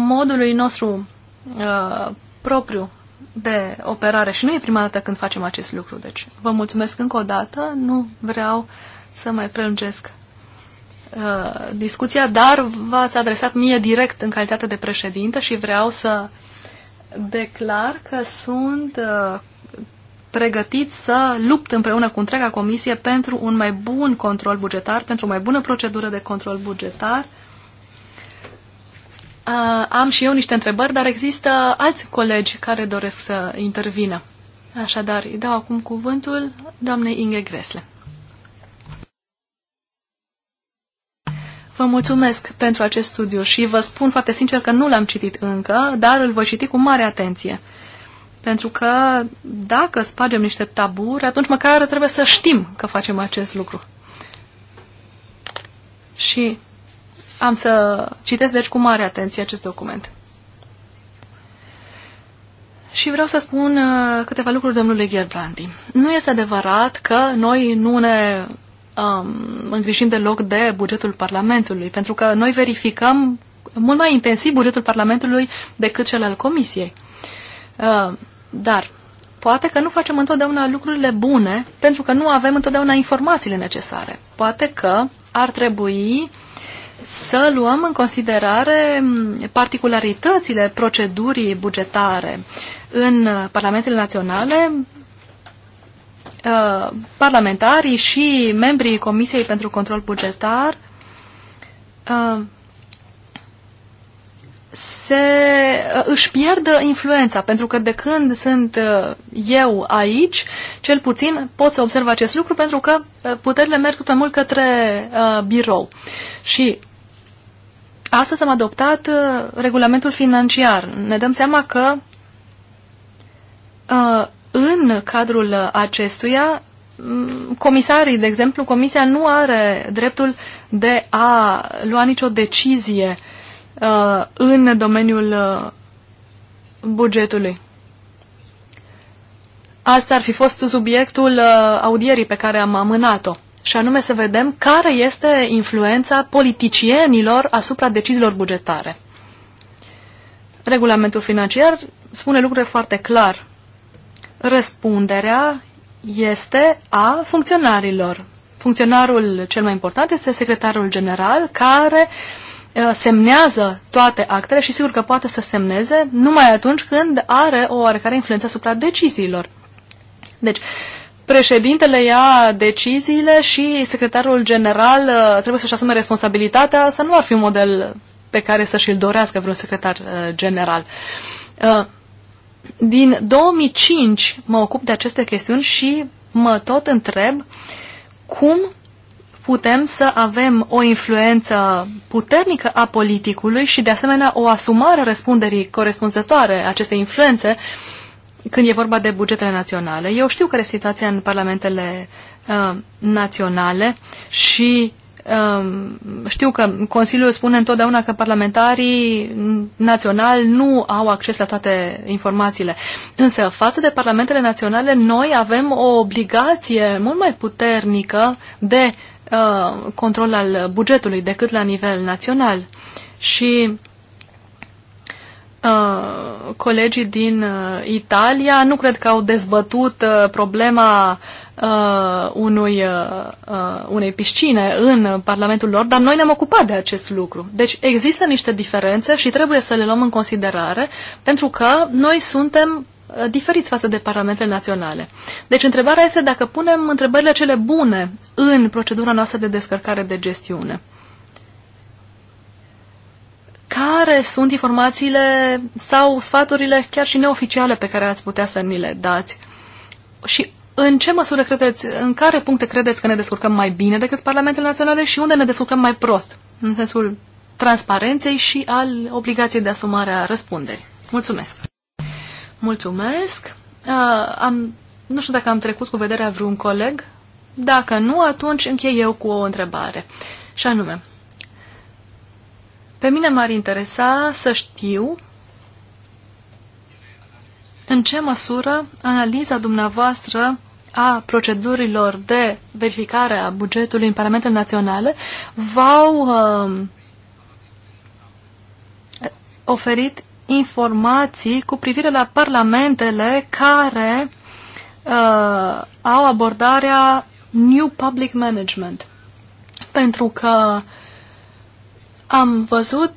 modului nostru uh, propriu de operare și nu e prima dată când facem acest lucru. Deci vă mulțumesc încă o dată, nu vreau să mai prelungesc uh, discuția, dar v-ați adresat mie direct în calitate de președintă și vreau să declar că sunt uh, pregătit să lupt împreună cu întreaga comisie pentru un mai bun control bugetar, pentru o mai bună procedură de control bugetar Uh, am și eu niște întrebări, dar există alți colegi care doresc să intervină. Așadar, îi dau acum cuvântul doamnei Inge Gresle. Vă mulțumesc pentru acest studiu și vă spun foarte sincer că nu l-am citit încă, dar îl voi citi cu mare atenție. Pentru că dacă spargem niște taburi, atunci măcar trebuie să știm că facem acest lucru. Și am să citesc deci cu mare atenție acest document. Și vreau să spun uh, câteva lucruri domnului Gherbrandi. Nu este adevărat că noi nu ne um, îngrijim deloc de bugetul Parlamentului, pentru că noi verificăm mult mai intensiv bugetul Parlamentului decât cel al Comisiei. Uh, dar poate că nu facem întotdeauna lucrurile bune, pentru că nu avem întotdeauna informațiile necesare. Poate că ar trebui să luăm în considerare particularitățile procedurii bugetare în parlamentele naționale. Uh, parlamentarii și membrii Comisiei pentru Control Bugetar uh, se, uh, își pierdă influența, pentru că de când sunt eu aici, cel puțin pot să observ acest lucru, pentru că puterile merg tot mai mult către uh, birou. Și Astăzi am adoptat uh, regulamentul financiar. Ne dăm seama că uh, în cadrul acestuia mm, comisarii, de exemplu, comisia nu are dreptul de a lua nicio decizie uh, în domeniul uh, bugetului. Asta ar fi fost subiectul uh, audierii pe care am amânat-o și anume să vedem care este influența politicienilor asupra deciziilor bugetare. Regulamentul financiar spune lucruri foarte clar. Răspunderea este a funcționarilor. Funcționarul cel mai important este secretarul general care uh, semnează toate actele și sigur că poate să semneze numai atunci când are o oarecare influență asupra deciziilor. Deci, uh, președintele ia deciziile și secretarul general uh, trebuie să-și asume responsabilitatea, asta nu ar fi un model pe care să și-l dorească vreun secretar uh, general. Uh, din 2005 mă ocup de aceste chestiuni și mă tot întreb cum putem să avem o influență puternică a politicului și, de asemenea, o asumare răspunderii corespunzătoare acestei influențe uh, când e vorba de bugetele naționale. Eu știu care e situația în parlamentele uh, naționale și uh, știu că Consiliul spune întotdeauna că parlamentarii naționali nu au acces la toate informațiile. Însă, față de parlamentele naționale, noi avem o obligație mult mai puternică de uh, control al bugetului decât la nivel național. Și Uh, colegii din uh, Italia nu cred că au dezbătut uh, problema uh, unui, uh, uh, unei piscine în Parlamentul lor, dar noi ne-am ocupat de acest lucru. Deci există niște diferențe și trebuie să le luăm în considerare, pentru că noi suntem uh, diferiți față de parlamentele naționale. Deci întrebarea este dacă punem întrebările cele bune în procedura noastră de descărcare de gestiune care sunt informațiile sau sfaturile chiar și neoficiale pe care ați putea să ni le dați? Și în ce măsură credeți, în care puncte credeți că ne descurcăm mai bine decât Parlamentele Naționale și unde ne descurcăm mai prost? În sensul transparenței și al obligației de asumare a răspunderii. Mulțumesc! Mulțumesc! Uh, am, nu știu dacă am trecut cu vederea vreun coleg. Dacă nu, atunci închei eu cu o întrebare. Și anume, pe mine m-ar interesa să știu în ce măsură analiza dumneavoastră a procedurilor de verificare a bugetului în Parlamentele Naționale v-au uh, oferit informații cu privire la parlamentele care uh, au abordarea New Public Management. Pentru că am văzut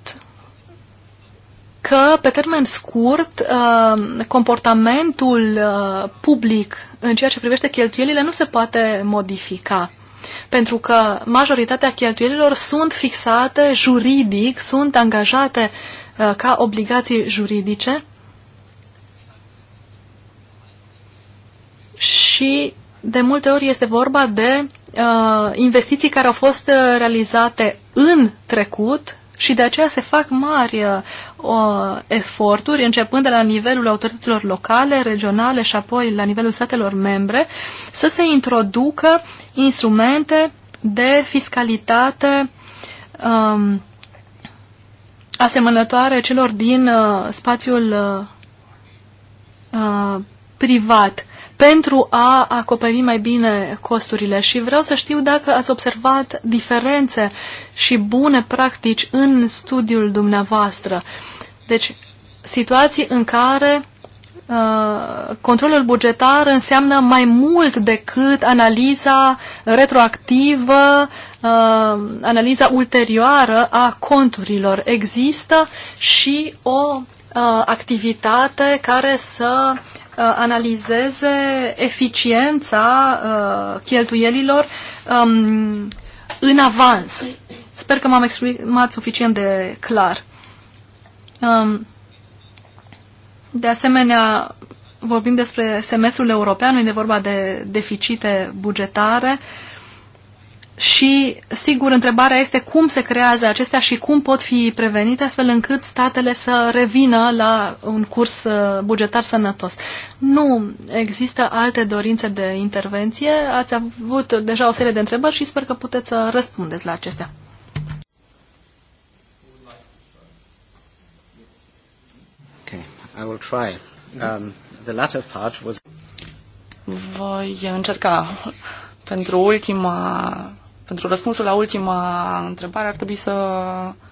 că, pe termen scurt, uh, comportamentul uh, public în ceea ce privește cheltuielile nu se poate modifica. Pentru că majoritatea cheltuielilor sunt fixate juridic, sunt angajate uh, ca obligații juridice și de multe ori este vorba de uh, investiții care au fost uh, realizate în trecut și de aceea se fac mari uh, eforturi, începând de la nivelul autorităților locale, regionale și apoi la nivelul statelor membre, să se introducă instrumente de fiscalitate um, asemănătoare celor din uh, spațiul uh, uh privat pentru a acoperi mai bine costurile și vreau să știu dacă ați observat diferențe și bune practici în studiul dumneavoastră. Deci, situații în care uh, controlul bugetar înseamnă mai mult decât analiza retroactivă, uh, analiza ulterioară a conturilor. Există și o uh, activitate care să Uh, analizeze eficiența uh, cheltuielilor um, în avans. Sper că m-am exprimat suficient de clar. Um, de asemenea, vorbim despre semestrul european, nu e vorba de deficite bugetare. Uh, și, sigur, întrebarea este cum se creează acestea și cum pot fi prevenite astfel încât statele să revină la un curs uh, bugetar sănătos. Nu există alte dorințe de intervenție. Ați avut deja o serie de întrebări și sper că puteți să răspundeți la acestea. Okay, I will try. Um, the latter part was... Voi încerca pentru ultima pentru răspunsul la ultima întrebare ar trebui să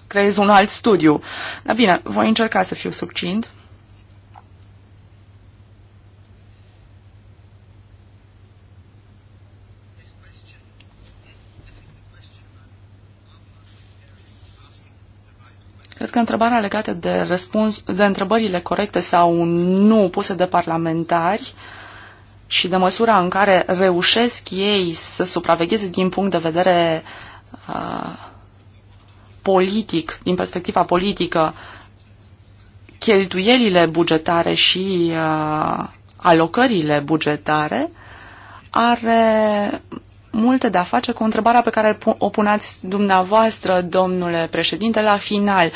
creez un alt studiu. Dar bine, voi încerca să fiu succint. Cred că întrebarea legată de, răspuns, de întrebările corecte sau nu puse de parlamentari uh, și de măsura în care reușesc ei să supravegheze din punct de vedere uh, politic, din perspectiva politică, cheltuielile bugetare și uh, alocările bugetare, are multe de a face cu întrebarea pe care o puneați dumneavoastră, domnule președinte, la final. Uh,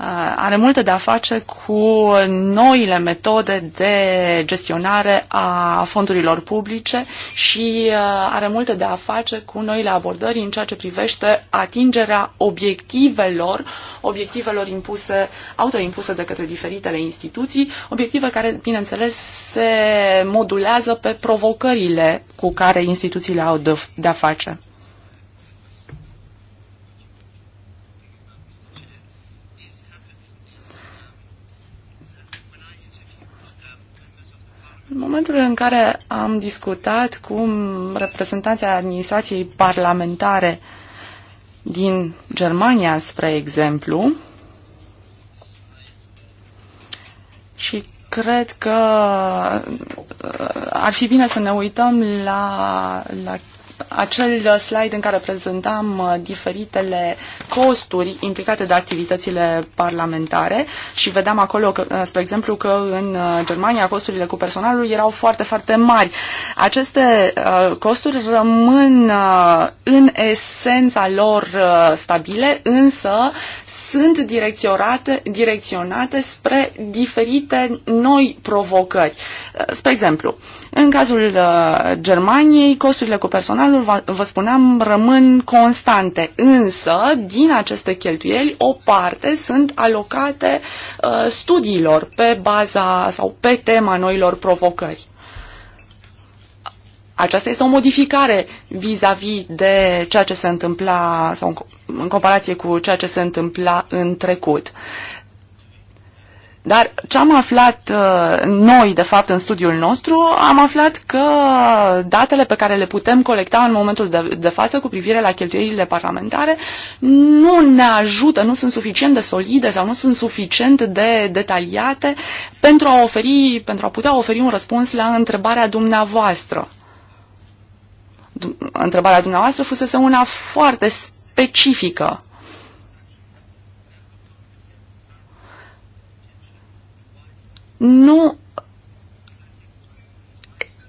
Uh, are multe de a face cu noile metode de gestionare a fondurilor publice și uh, are multe de a face cu noile abordări în ceea ce privește atingerea obiectivelor, obiectivelor impuse, autoimpuse de către diferitele instituții, obiective care, bineînțeles, se modulează pe provocările cu care instituțiile au de-a face. În momentul în care am discutat cu reprezentanții administrației parlamentare din Germania, spre exemplu, și cred că uh, ar fi bine să ne uităm la, la acel slide în care prezentam uh, diferitele costuri implicate de activitățile parlamentare și vedeam acolo, că, uh, spre exemplu, că în uh, Germania costurile cu personalul erau foarte, foarte mari. Aceste costuri rămân în esența lor stabile, însă sunt direcționate, direcționate spre diferite noi provocări. Spre exemplu, în cazul Germaniei, costurile cu personal total, vă spuneam, rămân constante, însă din aceste cheltuieli o parte sunt alocate uh, studiilor pe baza sau pe tema noilor provocări. Aceasta este o modificare vis-a-vis -vis de ceea ce se întâmpla sau în comparație cu ceea ce se întâmpla în trecut. Dar ce am aflat uh, noi, de fapt, în studiul nostru, am aflat că datele pe care le putem colecta în momentul de, de față cu privire la cheltuielile parlamentare nu ne ajută, nu sunt suficient de solide sau nu sunt suficient de detaliate pentru a, oferi, pentru a putea oferi un răspuns la întrebarea dumneavoastră. Întrebarea dumneavoastră fusese una foarte specifică nu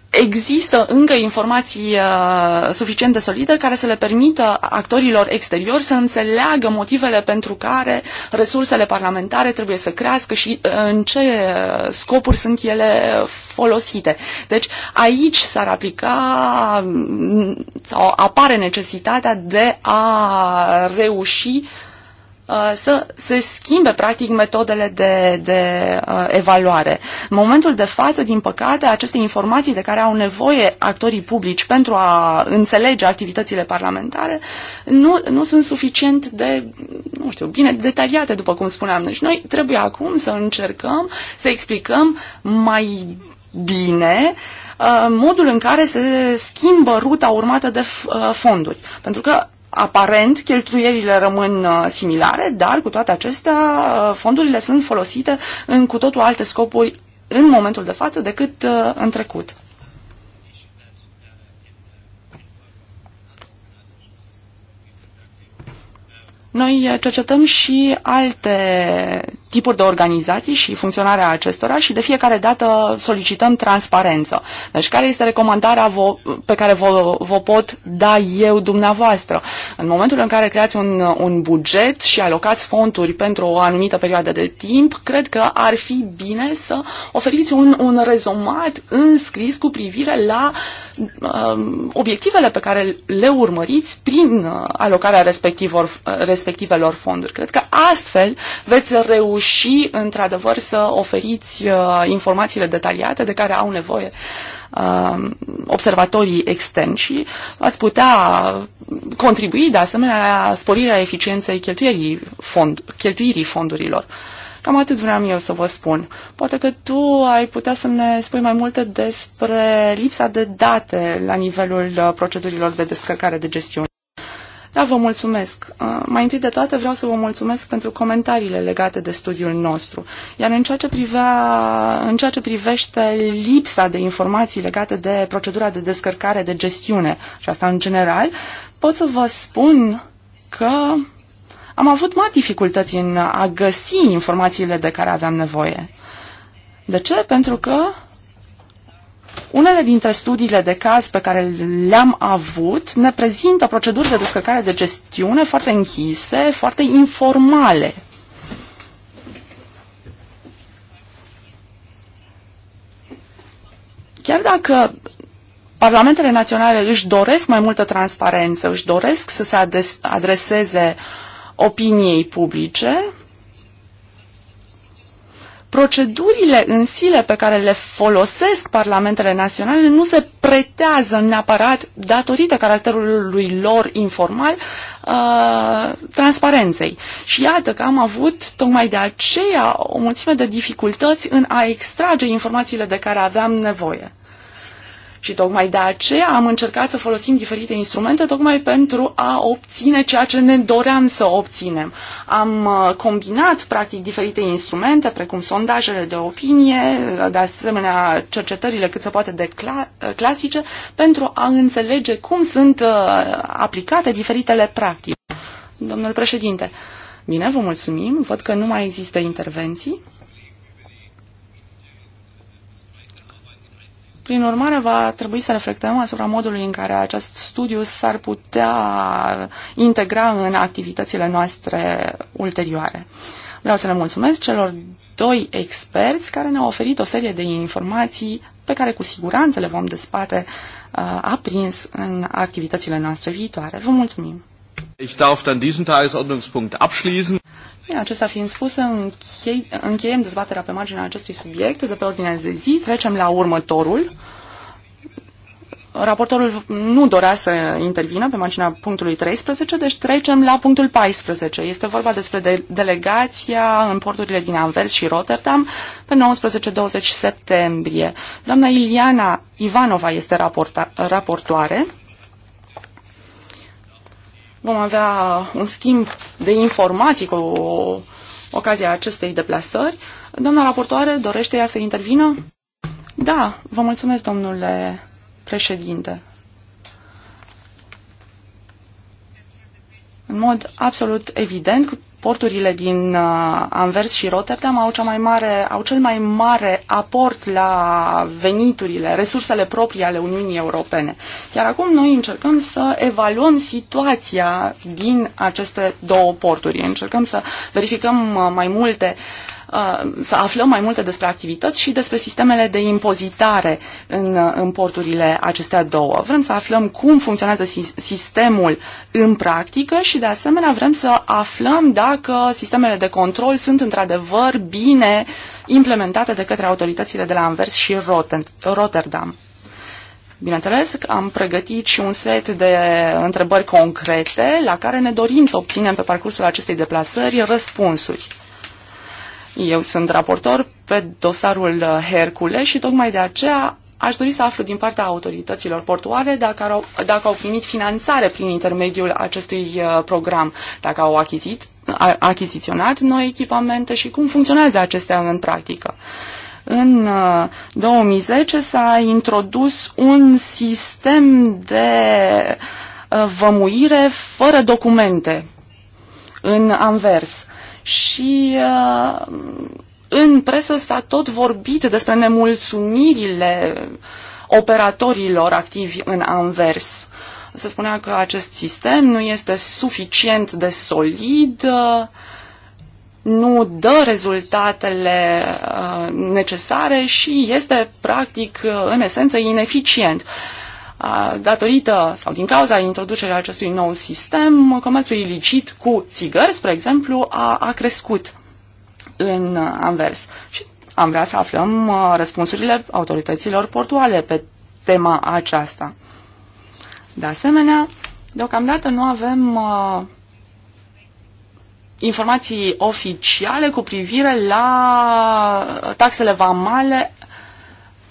există încă informații uh, suficient de solide care să le permită actorilor exteriori să înțeleagă motivele pentru care resursele parlamentare trebuie să crească și uh, în ce uh, scopuri sunt ele folosite. Deci aici s-ar aplica mm, sau apare necesitatea de a reuși uh, Uh, să se schimbe practic metodele de, de uh, evaluare. În momentul de față, din păcate, aceste informații de care au nevoie actorii publici pentru a înțelege activitățile parlamentare nu, nu sunt suficient de, nu știu, bine detaliate, după cum spuneam. Deci noi trebuie acum să încercăm să explicăm mai bine uh, modul în care se schimbă ruta urmată de fonduri. Pentru că aparent cheltuielile rămân uh, similare, dar cu toate acestea uh, fondurile sunt folosite în cu totul alte scopuri în momentul de față decât uh, în trecut. Noi cercetăm și alte tipuri de organizații și funcționarea acestora și de fiecare dată solicităm transparență. Deci care este recomandarea vo- pe care vă, vo pot da eu dumneavoastră? În momentul în care creați un, un buget și alocați fonduri pentru o anumită perioadă de timp, cred că ar fi bine să oferiți un, un rezumat înscris cu privire la uh, obiectivele pe care le urmăriți prin uh, alocarea respectivelor, respectivelor fonduri. Cred că astfel veți reuși reuși într-adevăr să oferiți uh, informațiile detaliate de care au nevoie uh, observatorii externi și ați putea contribui de asemenea la sporirea eficienței cheltuirii, fond, cheltuirii fondurilor. Cam atât vreau eu să vă spun. Poate că tu ai putea să ne spui mai multe despre lipsa de date la nivelul uh, procedurilor de descărcare de gestiune. Da, vă mulțumesc. Uh, mai întâi de toate vreau să vă mulțumesc pentru comentariile legate de studiul nostru. Iar în ceea ce, privea, în ceea ce privește lipsa de informații legate de procedura de descărcare de gestiune și asta în general, pot să vă spun că am avut mari dificultăți în a găsi informațiile de care aveam nevoie. De ce? Pentru că unele dintre studiile de caz pe care le-am avut ne prezintă proceduri de descărcare de gestiune foarte închise, foarte informale. Chiar dacă parlamentele naționale își doresc mai multă transparență, își doresc să se adreseze opiniei publice, procedurile în sile pe care le folosesc parlamentele naționale nu se pretează neapărat datorită caracterului lor informal uh, transparenței. Și iată că am avut tocmai de aceea o mulțime de dificultăți în a extrage informațiile de care aveam nevoie. Și tocmai de aceea am încercat să folosim diferite instrumente tocmai pentru a obține ceea ce ne doream să obținem. Am uh, combinat practic diferite instrumente, precum sondajele de opinie, de asemenea cercetările cât se poate de cla- uh, clasice, pentru a înțelege cum sunt uh, aplicate diferitele practici. Domnul președinte, bine, vă mulțumim, văd că nu mai există intervenții. Prin urmare, va trebui să reflectăm asupra modului în care acest studiu s-ar putea integra în activitățile noastre ulterioare. Vreau să le mulțumesc celor doi experți care ne-au oferit o serie de informații pe care cu siguranță le vom despate uh, aprins în activitățile noastre viitoare. Vă mulțumim! Ich darf dann diesen Tagesordnungspunkt abschließen. Bine, acestea fiind spuse, închei, încheiem dezbaterea pe marginea acestui subiect de pe ordinea de zi. Trecem la următorul. Raportorul nu dorea să intervină pe marginea punctului 13, deci trecem la punctul 14. Este vorba despre de- delegația în porturile din Anvers și Rotterdam pe 19-20 septembrie. Doamna Iliana Ivanova este raporta- raportoare. Vom avea uh, un schimb de informații cu ocazia acestei deplasări. Doamna raportoare, dorește ea să intervină? Da, vă mulțumesc, domnule președinte. În mod absolut evident, porturile din uh, Anvers și Rotterdam au, cea mai mare, au cel mai mare aport la veniturile, resursele proprii ale Uniunii Europene. Iar acum noi încercăm să evaluăm situația din aceste două porturi. Încercăm să verificăm uh, mai multe uh, Uh, să aflăm mai multe despre activități și despre sistemele de impozitare în, uh, în porturile acestea două. Vrem să aflăm cum funcționează sistemul în practică și de asemenea vrem să aflăm dacă sistemele de control sunt într-adevăr bine implementate de către autoritățile de la Anvers și Rotterdam. Bineînțeles că am pregătit și un set de întrebări concrete la care ne dorim să obținem pe parcursul acestei deplasări răspunsuri. Eu sunt raportor pe dosarul uh, Hercule și tocmai de aceea aș dori să aflu din partea autorităților portuare dacă au, dacă au primit finanțare prin intermediul acestui uh, program, dacă au achizit, a, achiziționat noi echipamente și cum funcționează acestea în practică. În 2010 uh, s-a introdus un sistem de vămuire fără documente în Anvers și uh, în presă s-a tot vorbit despre nemulțumirile operatorilor activi în Anvers. Se spunea că acest sistem nu este suficient de solid, uh, nu dă rezultatele uh, necesare și este practic, uh, în esență, ineficient datorită sau din cauza introducerii acestui nou sistem, comerțul ilicit cu țigări, spre exemplu, a, a crescut în Anvers. Și am vrea să aflăm uh, răspunsurile autorităților portuale pe tema aceasta. De asemenea, deocamdată nu avem uh, informații oficiale cu privire la uh, taxele vamale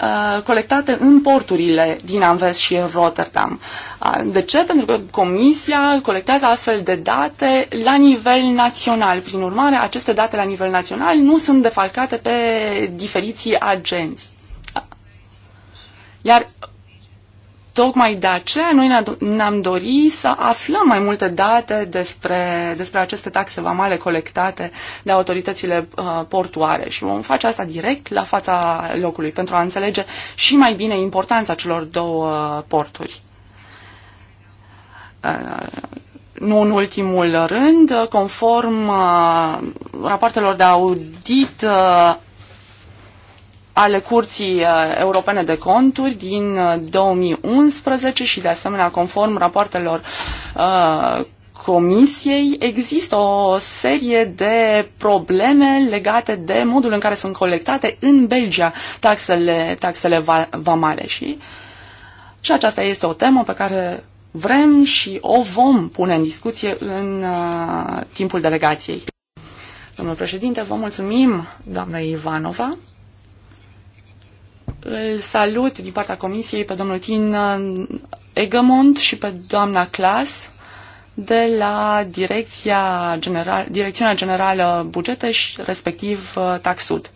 Uh, colectate în porturile din Anvers și Rotterdam. Uh, de ce? Pentru că Comisia colectează astfel de date la nivel național. Prin urmare, aceste date la nivel național nu sunt defalcate pe diferiții agenți. Iar Tocmai de aceea noi ne-am dorit să aflăm mai multe date despre, despre aceste taxe vamale colectate de autoritățile uh, portoare și vom face asta direct la fața locului pentru a înțelege și mai bine importanța celor două porturi. Uh, nu în ultimul rând, conform uh, rapoartelor de audit, uh, ale Curții uh, Europene de Conturi din 2011 uh, și de asemenea conform rapoartelor uh, Comisiei există o serie de probleme legate de modul în care sunt colectate în Belgia taxele, taxele vamale și, și aceasta este o temă pe care vrem și o vom pune în discuție în uh, timpul delegației. Domnul președinte, vă mulțumim, doamna Ivanova. Îl salut din partea Comisiei pe domnul Tin uh, Egamont și pe doamna Clas de la Direcția General, Direcțiunea Generală Bugete și respectiv uh, Taxud.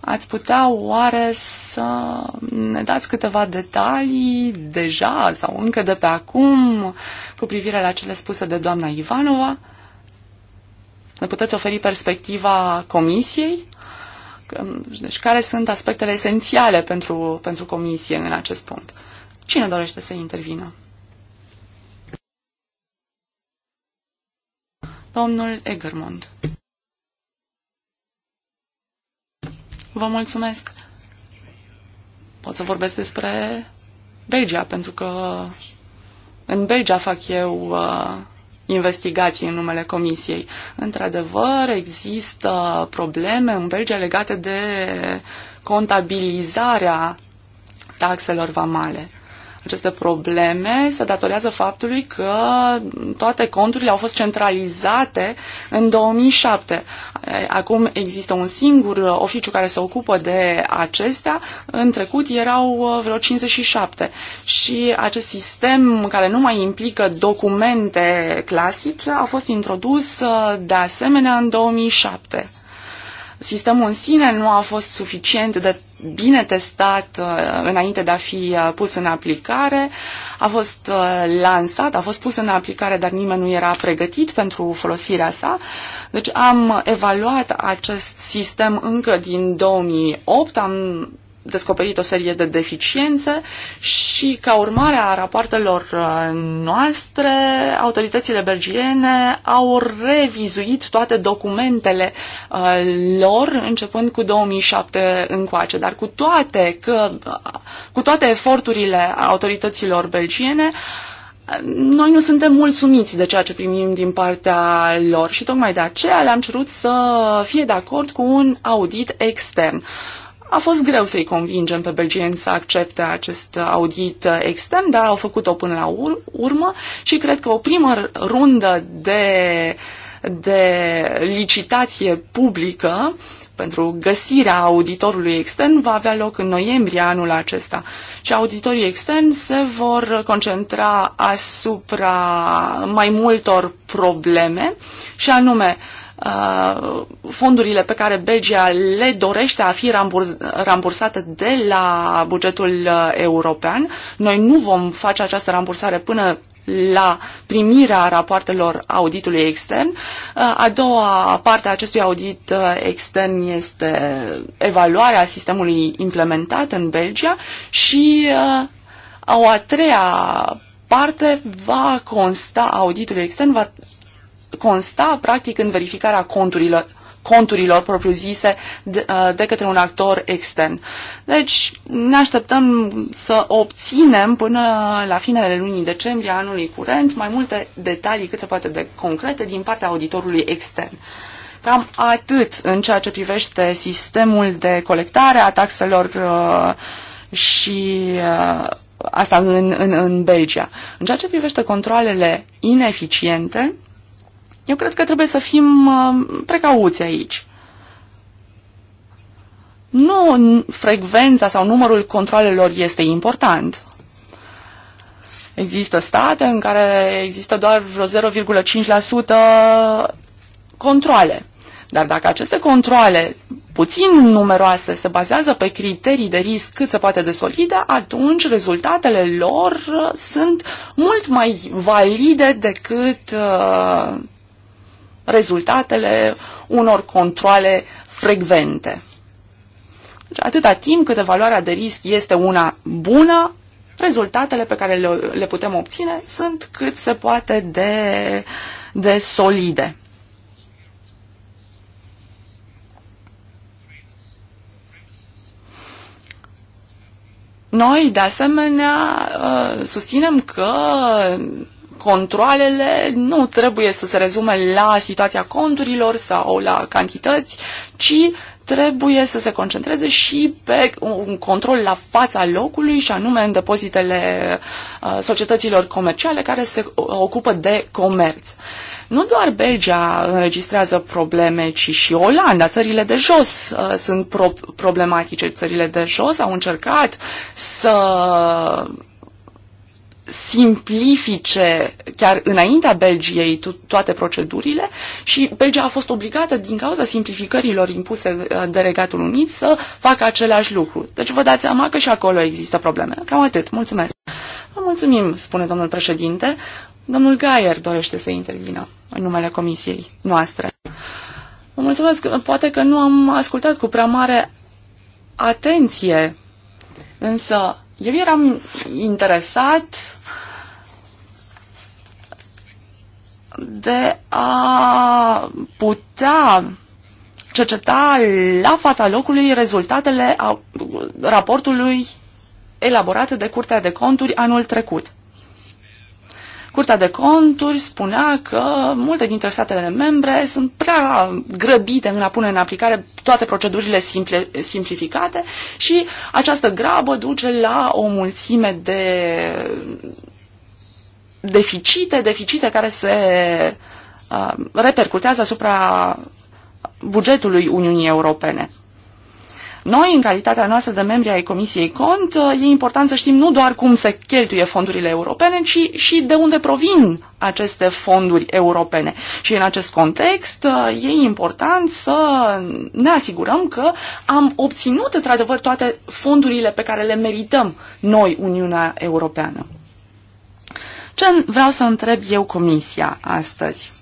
Ați putea oare să ne dați câteva detalii deja sau încă de pe acum cu privire la cele spuse de doamna Ivanova? Ne puteți oferi perspectiva Comisiei? Deci care sunt aspectele esențiale pentru, pentru comisie în acest punct? Cine dorește să intervină? Domnul Egermond. Vă mulțumesc. Pot să vorbesc despre Belgia, pentru că în Belgia fac eu uh, investigații în numele Comisiei. Într-adevăr, există probleme în Belgia legate de contabilizarea taxelor vamale. Aceste probleme se datorează faptului că toate conturile au fost centralizate în 2007. Acum există un singur oficiu care se ocupă de acestea. În trecut erau uh, vreo 57. Și acest sistem care nu mai implică documente clasice a fost introdus uh, de asemenea în 2007. Sistemul în sine nu a fost suficient de bine testat uh, înainte de a fi uh, pus în aplicare. A fost uh, lansat, a fost pus în aplicare, dar nimeni nu era pregătit pentru folosirea sa. Deci am evaluat acest sistem încă din 2008, am descoperit o serie de deficiențe și ca urmare a rapoartelor uh, noastre, autoritățile belgiene au revizuit toate documentele uh, lor începând cu 2007 încoace, dar cu toate că uh, cu toate eforturile autorităților belgiene uh, noi nu suntem mulțumiți de ceea ce primim din partea lor și tocmai de aceea le-am cerut să fie de acord cu un audit extern. Uh, a fost greu să-i convingem pe belgieni să accepte acest audit extern, dar au făcut-o până la ur- urmă și cred că o primă rundă de, de licitație publică pentru găsirea auditorului extern va avea loc în noiembrie anul acesta. Și auditorii externi se vor concentra asupra mai multor probleme și anume uh, Uh, fondurile pe care Belgia le dorește a fi rambursate de la bugetul uh, european. Noi nu vom face această rambursare până la primirea rapoartelor auditului extern. Uh, a doua parte a acestui audit extern este evaluarea sistemului implementat în Belgia și o a treia parte va consta, auditul extern va consta practic în verificarea conturilor conturilor propriu-zise de, uh, de către un actor extern. Deci ne așteptăm să obținem până la finele lunii decembrie anului curent mai multe detalii cât se poate de concrete din partea auditorului extern. Cam atât în ceea ce privește sistemul de colectare a taxelor uh, și uh, asta în, în, în Belgia. În ceea ce privește controlele ineficiente, eu cred că trebuie să fim uh, precauți aici. Nu frecvența sau numărul controlelor este important. Există state în care există doar vreo 0,5% controle. Dar dacă aceste controle puțin numeroase se bazează pe criterii de risc cât se poate de solide, atunci rezultatele lor sunt mult mai valide decât uh, rezultatele unor controle frecvente. Deci, atâta timp cât evaluarea de risc este una bună, rezultatele pe care le, le putem obține sunt cât se poate de, de solide. Noi, de asemenea, ă, susținem că controlele nu trebuie să se rezume la situația conturilor sau la cantități, ci trebuie să se concentreze și pe un control la fața locului și anume în depozitele uh, societăților comerciale care se uh, ocupă de comerț. Nu doar Belgia înregistrează probleme, ci și Olanda. Țările de jos uh, sunt pro- problematice. Țările de jos au încercat să simplifice chiar înaintea Belgiei toate procedurile și Belgia a fost obligată din cauza simplificărilor impuse uh, de Regatul Unit să facă același lucru. Deci vă dați seama că și acolo există probleme. Cam atât. Mulțumesc. Vă mulțumim, spune domnul președinte. Domnul Gaier dorește să intervină în numele comisiei noastre. Vă mulțumesc. Poate că nu am ascultat cu prea mare atenție, însă eu eram interesat de a putea cerceta la fața locului rezultatele a raportului elaborat de Curtea de Conturi anul trecut. Curtea de Conturi spunea că multe dintre statele membre sunt prea grăbite în a pune în aplicare toate procedurile simple, simplificate și această grabă duce la o mulțime de deficite, deficite care se uh, repercutează asupra bugetului Uniunii Europene. Noi, în calitatea noastră de membri ai Comisiei Cont, uh, e important să știm nu doar cum se cheltuie fondurile europene, ci și de unde provin aceste fonduri europene. Și în acest context uh, e important să ne asigurăm că am obținut într-adevăr toate fondurile pe care le merităm noi, Uniunea Europeană. Ce vreau să întreb eu comisia astăzi?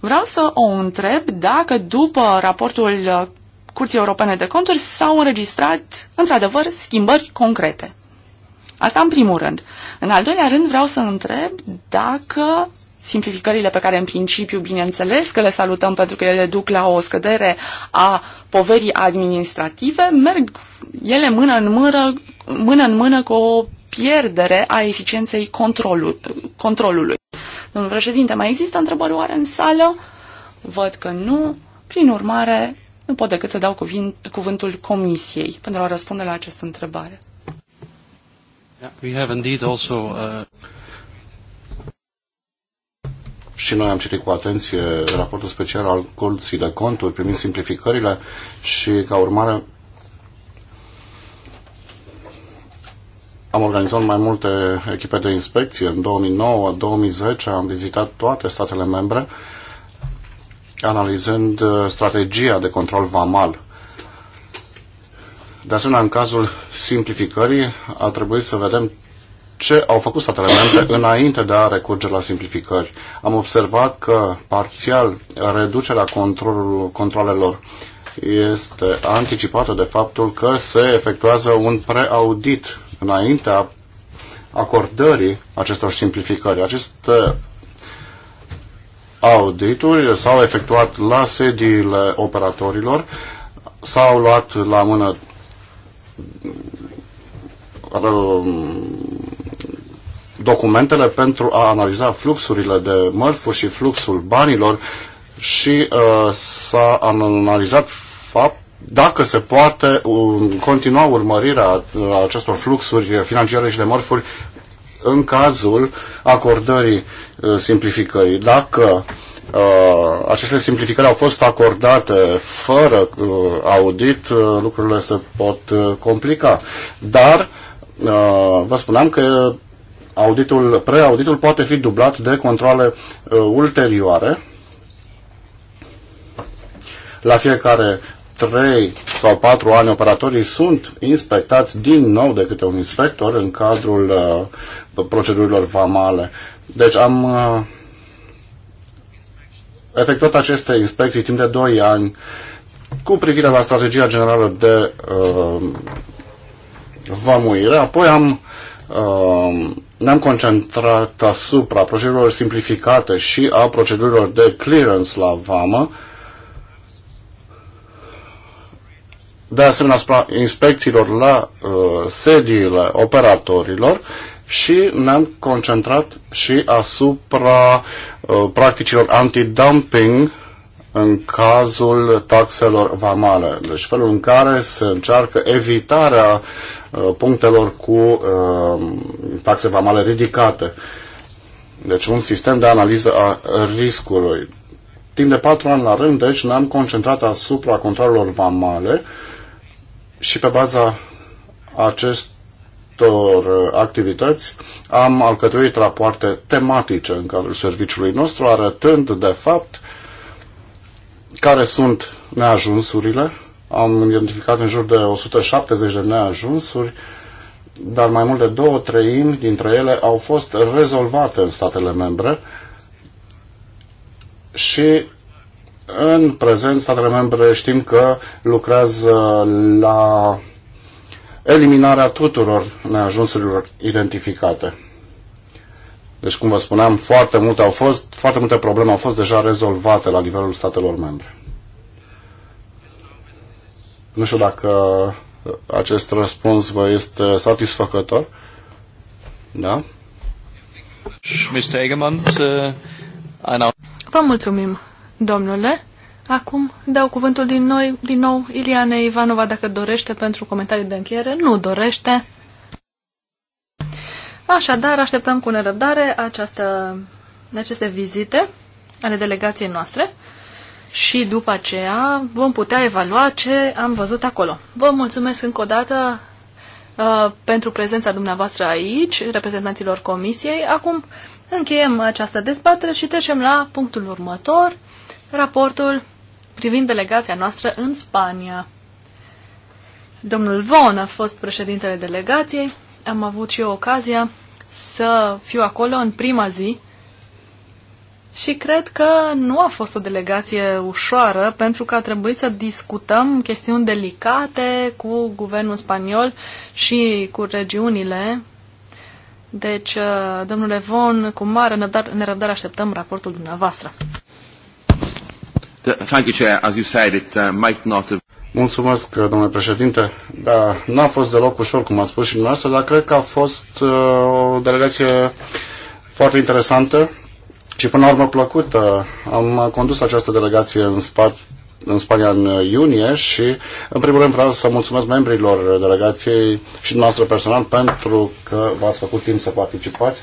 Vreau să o întreb dacă după raportul uh, Curții Europene de Conturi s-au înregistrat, într-adevăr, schimbări concrete. Asta în primul rând. În al doilea rând vreau să întreb dacă simplificările pe care în principiu, bineînțeles că le salutăm pentru că ele duc la o scădere a poverii administrative, merg ele mână în mână, mână, în mână cu o pierdere a eficienței controlul, controlului. Domnul președinte, mai există întrebări oare în sală? Văd că nu. Prin urmare, nu pot decât să dau cuvint, cuvântul comisiei pentru a răspunde la această întrebare. Yeah, we have indeed also, uh și noi am citit cu atenție raportul special al colții de Conturi primind simplificările și ca urmare am organizat mai multe echipe de inspecție. În 2009-2010 am vizitat toate statele membre analizând uh, strategia de control vamal. De asemenea, în cazul simplificării a trebuit să vedem ce au făcut statele membre înainte de a recurge la simplificări. Am observat că parțial reducerea controlul, controlelor este anticipată de faptul că se efectuează un preaudit înaintea acordării acestor simplificări. Aceste audituri s-au efectuat la sediile operatorilor, s-au luat la mână documentele pentru a analiza fluxurile de mărfuri și fluxul banilor și uh, s-a analizat fapt dacă se poate um, continua urmărirea uh, acestor fluxuri financiare și de mărfuri în cazul acordării uh, simplificării. Dacă uh, aceste simplificări au fost acordate fără uh, audit, uh, lucrurile se pot uh, complica. Dar vă spuneam că auditul, preauditul poate fi dublat de controle uh, ulterioare la fiecare 3 sau 4 ani operatorii sunt inspectați din nou de câte un inspector în cadrul uh, procedurilor vamale. Deci am uh, efectuat aceste inspecții timp de 2 ani cu privire la strategia generală de uh, vamuire. Apoi am uh, ne-am concentrat asupra procedurilor simplificate și a procedurilor de clearance la vamă, de asemenea asupra inspecțiilor la uh, sediile operatorilor și ne-am concentrat și asupra uh, practicilor dumping în cazul taxelor vamale. Deci felul în care se încearcă evitarea Uh, punctelor cu uh, taxe vamale ridicate. Deci un sistem de analiză a riscului. Timp de patru ani la rând, deci, ne-am concentrat asupra controlelor vamale și pe baza acestor uh, activități am alcătuit rapoarte tematice în cadrul serviciului nostru, arătând, de fapt, care sunt neajunsurile am identificat în jur de 170 de neajunsuri, dar mai mult de două treimi dintre ele au fost rezolvate în statele membre și în prezent statele membre știm că lucrează la eliminarea tuturor neajunsurilor identificate. Deci, cum vă spuneam, foarte multe, au fost, foarte multe probleme au fost deja rezolvate la nivelul statelor membre. Nu știu dacă uh, acest răspuns vă este satisfăcător. Da? Vă mulțumim, domnule. Acum dau cuvântul din, noi, din nou Iliane Ivanova dacă dorește pentru comentarii de încheiere. Nu dorește. Așadar, așteptăm cu nerăbdare această, aceste vizite ale delegației noastre și după aceea vom putea evalua ce am văzut acolo. Vă mulțumesc încă o dată uh, pentru prezența dumneavoastră aici, reprezentanților comisiei. Acum încheiem această dezbatere și trecem la punctul următor, raportul privind delegația noastră în Spania. Domnul Von a fost președintele delegației. Am avut și eu ocazia să fiu acolo în prima zi și cred că nu a fost o delegație ușoară, pentru că a trebuit să discutăm chestiuni delicate cu guvernul spaniol și cu regiunile. Deci, uh, domnule Von, cu mare nerăbdare, așteptăm raportul dumneavoastră. Thank you, Chair. As you said, it uh, might not have... Mulțumesc, uh, domnule președinte. Da, n-a fost deloc ușor, cum ați spus și dumneavoastră, dar cred că a fost o delegație foarte interesantă și până la urmă plăcută. Uh, am condus această delegație în spate în Spania în iunie și în primul rând vreau să mulțumesc membrilor delegației și noastră personal pentru că v-ați făcut timp să participați.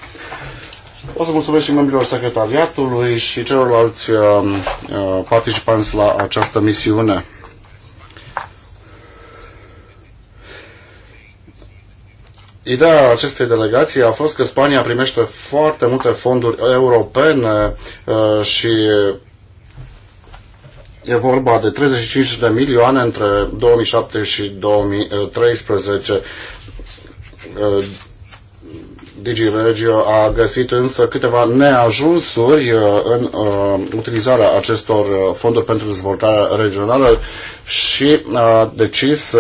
O să mulțumesc și membrilor secretariatului și celorlalți um, uh, participanți la această misiune. Ideea acestei delegații a fost că Spania primește foarte multe fonduri europene uh, și e vorba de 35 de milioane între 2007 și 2013. Uh, DigiRegio a găsit însă câteva neajunsuri uh, în utilizarea acestor fonduri pentru dezvoltarea regională și a decis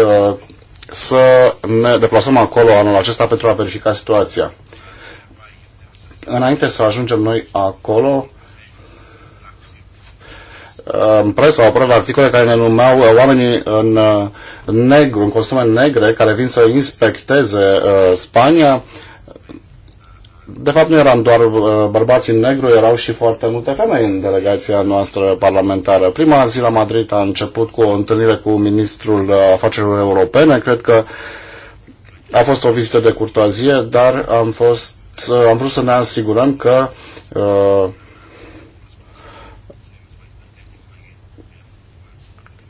să ne deplasăm acolo anul acesta pentru a verifica situația. Înainte să ajungem noi acolo, în presă au apărut articole care ne numeau uh, oamenii în uh, negru, în costume negre, care vin să inspecteze uh, Spania de fapt nu eram doar uh, bărbați în negru, erau și foarte multe femei în delegația noastră parlamentară. Prima zi la Madrid a început cu o întâlnire cu ministrul uh, afacerilor europene. Cred că a fost o vizită de curtoazie, dar am, fost, uh, am vrut să ne asigurăm că uh,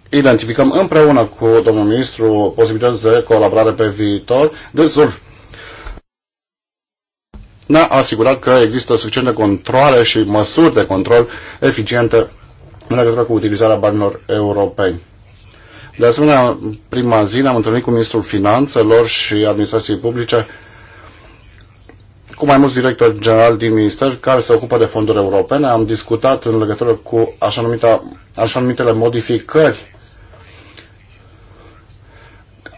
identificăm împreună cu domnul ministru posibilități de colaborare pe viitor. Dezul ne-a asigurat că există suficiente controle și măsuri de control eficiente în legătură cu utilizarea banilor europeni. De asemenea, prima zi ne-am întâlnit cu Ministrul Finanțelor și Administrației Publice cu mai mulți directori generali din minister care se ocupă de fonduri europene. Am discutat în legătură cu așa, numita, așa numitele modificări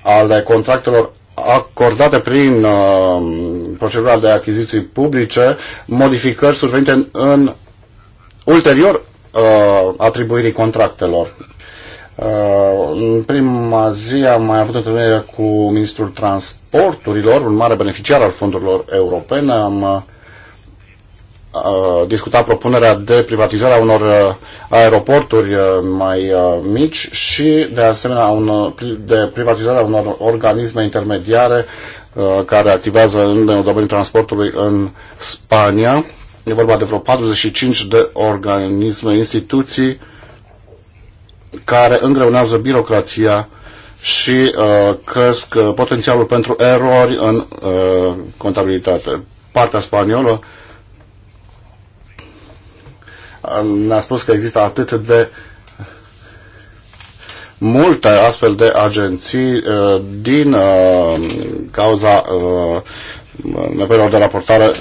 ale contractelor acordate prin uh, procedura de achiziții publice modificări survenite în, în ulterior uh, atribuirii contractelor. Uh, în prima zi am mai avut întâlnire cu ministrul transporturilor, un mare beneficiar al fondurilor europene. Am discuta propunerea de privatizare a unor aeroporturi mai mici și de asemenea un, de privatizarea unor organisme intermediare care activează în domeniul transportului în Spania. E vorba de vreo 45 de organisme, instituții care îngreunează birocrația și uh, cresc potențialul pentru erori în uh, contabilitate. Partea spaniolă uh, ne-a spus că există atât de multe astfel de agenții uh, din uh, cauza uh, nevoilor de raportare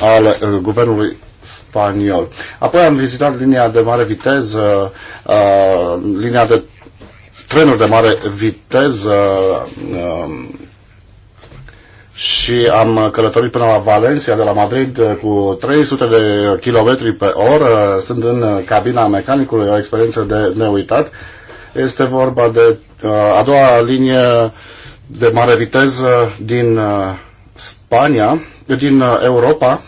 ale guvernului spaniol. Apoi am vizitat linia de mare viteză, linia de trenuri de mare viteză și am călătorit până la Valencia de la Madrid eh, cu 300 de kilometri pe oră. Sunt în eh, cabina mecanicului, o experiență de neuitat. Este vorba de eh, a doua linie de mare viteză din Spania, din Europa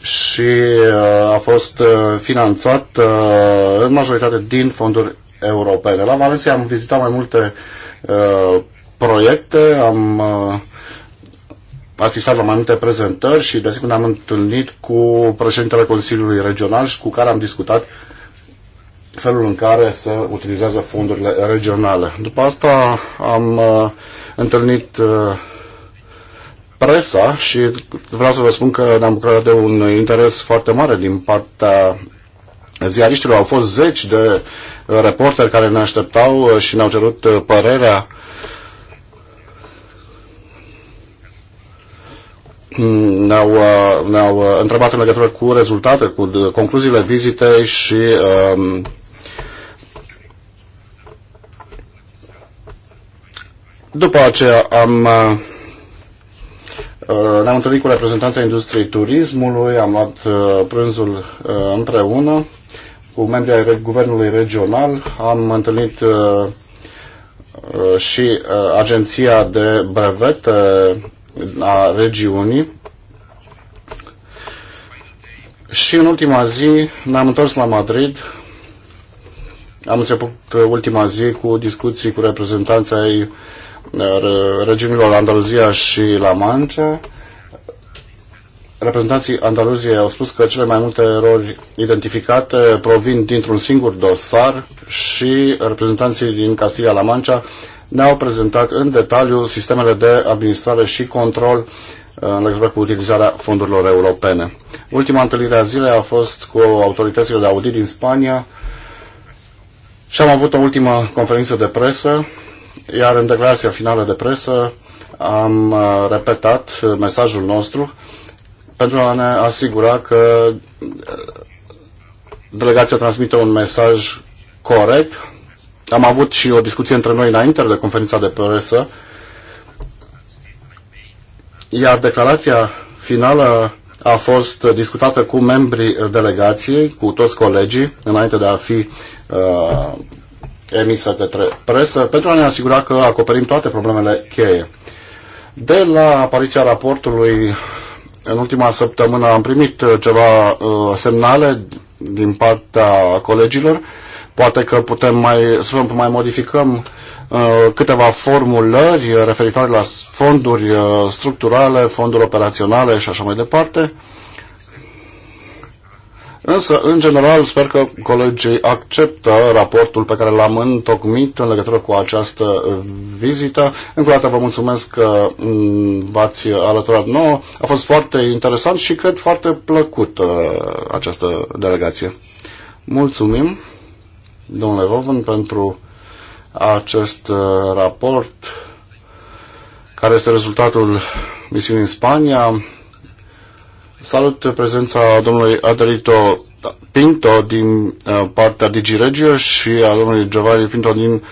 și a fost finanțat în majoritate din fonduri europene. La Valencia am vizitat mai multe proiecte, am uh, asistat la mai multe prezentări și de asemenea am întâlnit cu președintele Consiliului Regional și cu care am discutat felul în care se utilizează fondurile regionale. După asta am uh, întâlnit uh, presa și vreau să vă spun că ne-am bucurat de un interes foarte mare din partea ziariștilor. Au fost zeci de uh, reporteri care ne așteptau uh, și ne-au cerut uh, părerea ne-au, uh, ne-au uh, întrebat în legătură cu rezultate, cu uh, concluziile vizitei și um, după aceea am ne-am întâlnit cu reprezentanța industriei turismului, am luat prânzul împreună cu membrii ai guvernului regional, am întâlnit și agenția de brevete a regiunii. Și în ultima zi ne-am întors la Madrid. Am început ultima zi cu discuții cu reprezentanții ai uh, regiunilor Andaluzia și La Mancha. Reprezentanții Andaluziei au spus că cele mai multe erori identificate provin dintr-un singur dosar și reprezentanții din Castilia-La Mancha ne-au prezentat în detaliu sistemele de administrare și control uh, în legătură cu utilizarea fondurilor europene. Ultima întâlnire a zilei a fost cu autoritățile de audit din Spania și am avut o ultimă conferință de presă, iar în declarația finală de presă am uh, repetat uh, mesajul nostru pentru a ne asigura că delegația transmite un mesaj corect am avut și o discuție între noi înainte de conferința de presă, iar declarația finală a fost discutată cu membrii delegației, cu toți colegii, înainte de a fi uh, emisă către presă, pentru a ne asigura că acoperim toate problemele cheie. De la apariția raportului, în ultima săptămână am primit uh, ceva uh, semnale din partea colegilor Poate că putem mai, să mai modificăm uh, câteva formulări referitoare la fonduri uh, structurale, fonduri operaționale și așa mai departe. Însă, în general, sper că colegii acceptă raportul pe care l-am întocmit în legătură cu această uh, vizită. Încă o dată vă mulțumesc că mm, v-ați alăturat nouă. A fost foarte interesant și cred foarte plăcut uh, această delegație. Mulțumim! domnule Voven, pentru acest uh, raport care este rezultatul misiunii în Spania. Salut prezența domnului Adelito Pinto din uh, partea DigiRegio și a domnului Giovanni Pinto din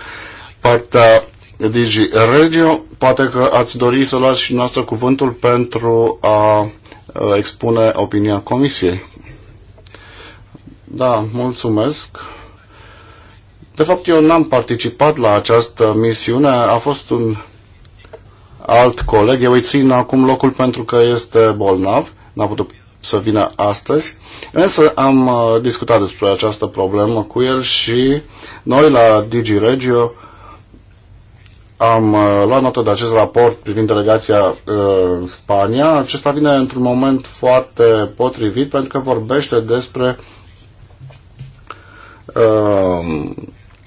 partea DigiRegio. Poate că ați dori să luați și noastră cuvântul pentru a uh, expune opinia Comisiei. Da, mulțumesc. De fapt, eu n-am participat la această misiune, a fost un alt coleg, eu îi țin acum locul pentru că este bolnav, n-a putut să vină astăzi, însă am uh, discutat despre această problemă cu el și noi la DigiRegio am uh, luat notă de acest raport privind delegația uh, în Spania. Acesta vine într-un moment foarte potrivit pentru că vorbește despre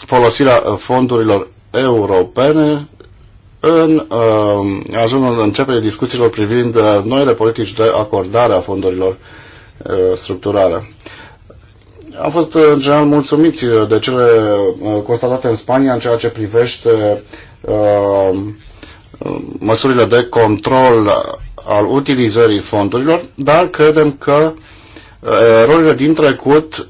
folosirea uh, fondurilor europene în uh, ajunul începerii discuțiilor privind uh, noile politici de acordare a fondurilor uh, structurale. Am fost uh, în general mulțumiți uh, de cele constatate în Spania în ceea ce privește uh, măsurile de control al utilizării fondurilor, dar credem că erorile din trecut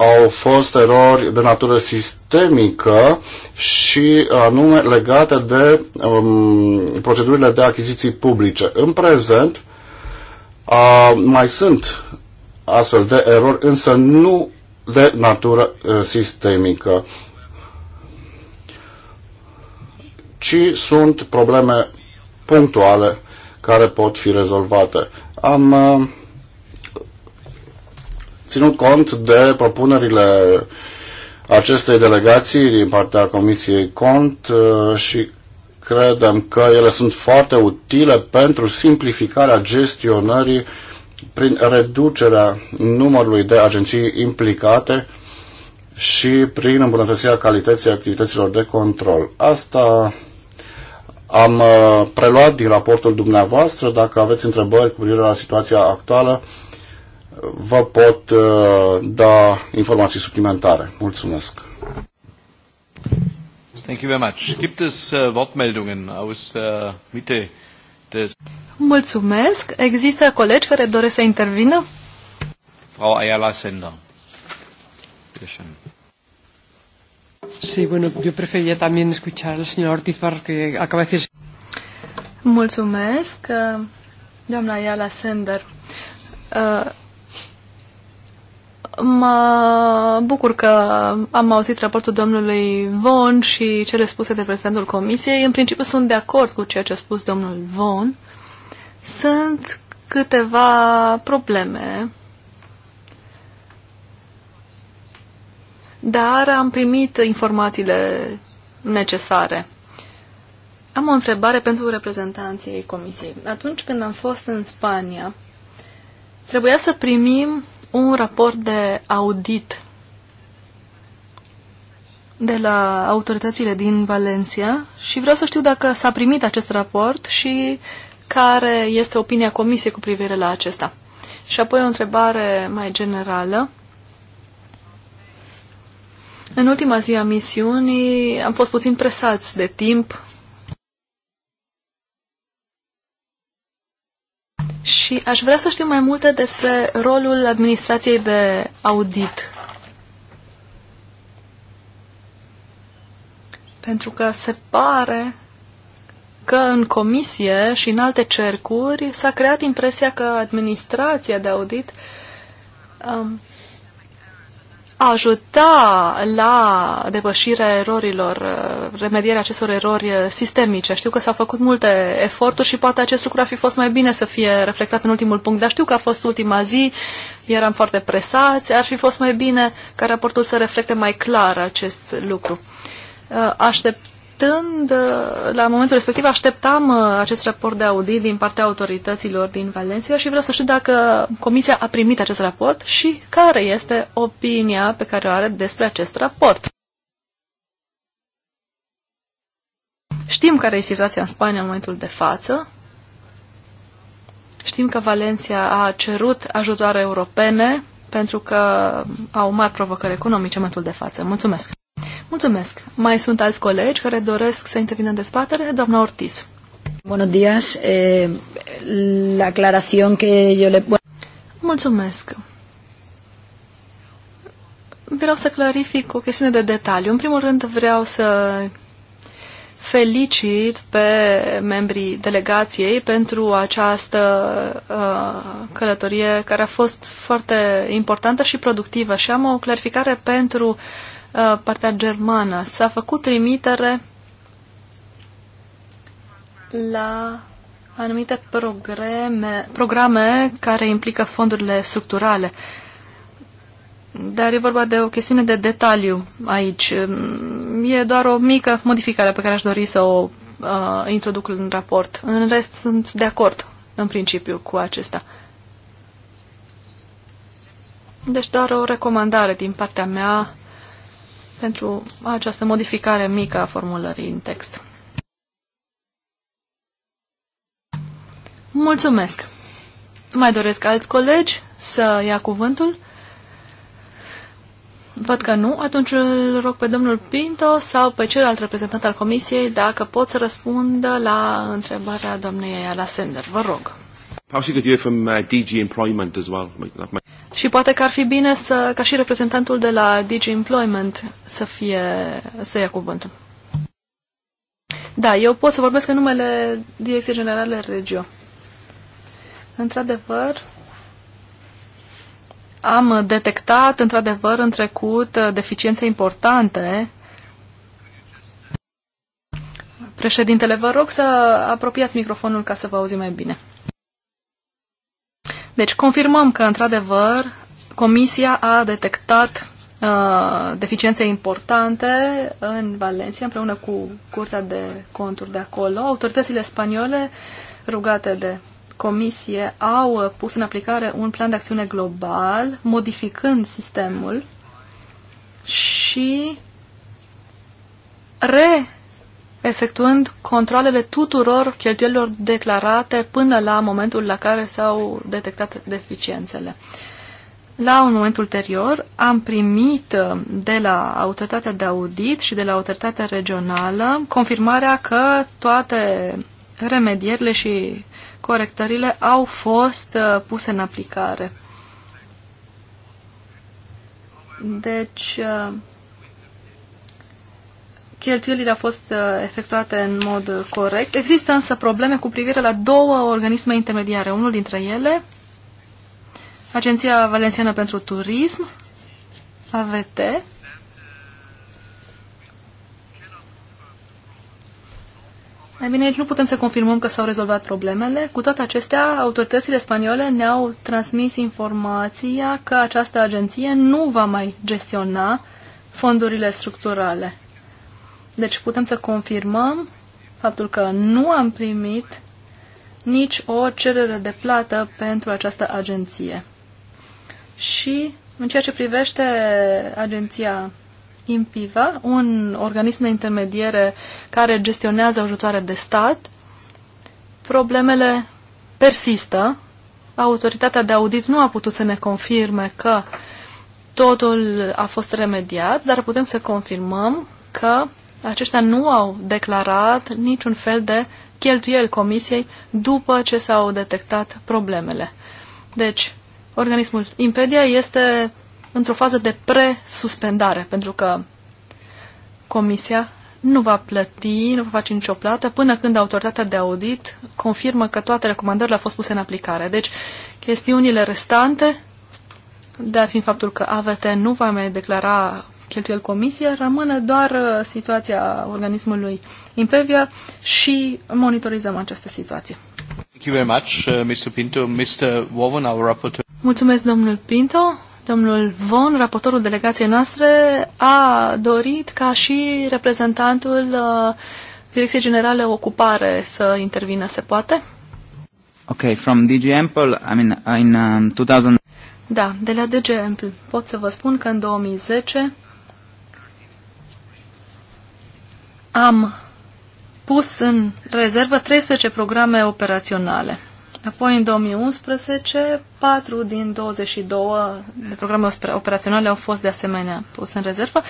au fost erori de natură sistemică și anume legate de um, procedurile de achiziții publice. În prezent uh, mai sunt astfel de erori, însă nu de natură uh, sistemică, ci sunt probleme punctuale care pot fi rezolvate. Am uh, ținut cont de propunerile acestei delegații din partea Comisiei Cont uh, și credem că ele sunt foarte utile pentru simplificarea gestionării prin reducerea numărului de agenții implicate și prin îmbunătățirea calității activităților de control. Asta am uh, preluat din raportul dumneavoastră. Dacă aveți întrebări cu privire la situația actuală, vă pot uh, da informații suplimentare. Mulțumesc. Thank you very much. Gibt es uh, Wortmeldungen aus der uh, Mitte des Mulțumesc. Există colegi care doresc să intervină? Frau Ayala Sender. Sí, bueno, yo prefería también escuchar al señor Ortiz porque acaba de decir. Mulțumesc, uh, doamna Ayala Sender. Mă bucur că am auzit raportul domnului Von și cele spuse de prezidentul Comisiei. În principiu sunt de acord cu ceea ce a spus domnul Von. Sunt câteva probleme, dar am primit informațiile necesare. Am o întrebare pentru reprezentanții Comisiei. Atunci când am fost în Spania, trebuia să primim un raport de audit de la autoritățile din Valencia și vreau să știu dacă s-a primit acest raport și care este opinia comisiei cu privire la acesta. Și apoi o întrebare mai generală. În ultima zi a misiunii am fost puțin presați de timp Și aș vrea să știu mai multe despre rolul administrației de audit. Pentru că se pare că în comisie și în alte cercuri s-a creat impresia că administrația de audit um, ajuta la depășirea erorilor, remedierea acestor erori sistemice. Știu că s-au făcut multe eforturi și poate acest lucru ar fi fost mai bine să fie reflectat în ultimul punct, dar știu că a fost ultima zi, eram foarte presați, ar fi fost mai bine ca raportul să reflecte mai clar acest lucru. Aștept așteptând, uh, la momentul respectiv, așteptam uh, acest raport de audit din partea autorităților din Valencia și vreau să știu dacă Comisia a primit acest raport și care este opinia pe care o are despre acest raport. Știm care e situația în Spania în momentul de față. Știm că Valencia a cerut ajutoare europene pentru că au mari provocări economice în momentul de față. Mulțumesc! Mulțumesc. Mai sunt alți colegi care doresc să intervină în dezbatere? Doamna Ortiz. Bună ziua. Eh, la aclarațion că eu le... Mulțumesc. Vreau să clarific o chestiune de detaliu. În primul rând vreau să felicit pe membrii delegației pentru această uh, călătorie care a fost foarte importantă și productivă și am o clarificare pentru Uh, partea germană. S-a făcut trimitere la anumite programe, programe care implică fondurile structurale. Dar e vorba de o chestiune de detaliu aici. Mm, e doar o mică modificare pe care aș dori să o uh, introduc în raport. În rest, sunt de acord, în principiu, cu acesta. Deci doar o recomandare din partea mea pentru această modificare mică a formulării în text. Mulțumesc! Mai doresc alți colegi să ia cuvântul? Văd că nu, atunci îl rog pe domnul Pinto sau pe celălalt reprezentant al comisiei dacă pot să răspundă la întrebarea doamnei Alasender. Vă rog. Uh, și poate că ar fi bine să, ca și reprezentantul de la DG Employment să, fie, să ia cuvântul. Da, eu pot să vorbesc în numele Direcției Generale Regio. Într-adevăr, am detectat, într-adevăr, în trecut uh, deficiențe importante. Președintele, vă rog să apropiați microfonul ca să vă auzi mai bine. Deci confirmăm că, într-adevăr, Comisia a detectat uh, deficiențe importante în Valencia, împreună cu Curtea de Conturi de acolo. Autoritățile spaniole, rugate de Comisie, au uh, pus în aplicare un plan de acțiune global, modificând sistemul și re efectuând controlele tuturor cheltuielilor declarate până la momentul la care s-au detectat deficiențele. La un moment ulterior am primit uh, de la autoritatea de audit și de la autoritatea regională confirmarea că toate remedierile și corectările au fost uh, puse în aplicare. Deci, uh, cheltuielile au fost uh, efectuate în mod corect. Există însă probleme cu privire la două organisme intermediare. Unul dintre ele, Agenția Valenciană pentru Turism, AVT, Ei bine, aici nu putem să confirmăm că s-au rezolvat problemele. Cu toate acestea, autoritățile spaniole ne-au transmis informația că această agenție nu va mai gestiona fondurile structurale. Deci putem să confirmăm faptul că nu am primit nici o cerere de plată pentru această agenție. Și în ceea ce privește agenția IMPIVA, un organism de intermediere care gestionează ajutoare de stat, problemele persistă. Autoritatea de audit nu a putut să ne confirme că totul a fost remediat, dar putem să confirmăm că aceștia nu au declarat niciun fel de cheltuieli comisiei după ce s-au detectat problemele. Deci, organismul Impedia este într-o fază de pre-suspendare, pentru că comisia nu va plăti, nu va face nicio plată până când autoritatea de audit confirmă că toate recomandările au fost puse în aplicare. Deci, chestiunile restante, dat fiind faptul că AVT nu va mai declara cheltuieli comisie, rămâne doar uh, situația organismului Impevia și monitorizăm această situație. Thank you very much, uh, Mr. Pinto. Mr. Woven, our rapporteur. Mulțumesc, domnul Pinto. Domnul Von, raportorul delegației noastre, a dorit ca și reprezentantul uh, Direcției Generale Ocupare să intervină, se poate? Ok, from DG Ample, I mean, in um, 2000... Da, de la DG Ample pot să vă spun că în 2010 am pus în rezervă 13 programe operaționale. Apoi, în 2011, 4 din 22 de programe operaționale au fost de asemenea puse în rezervă.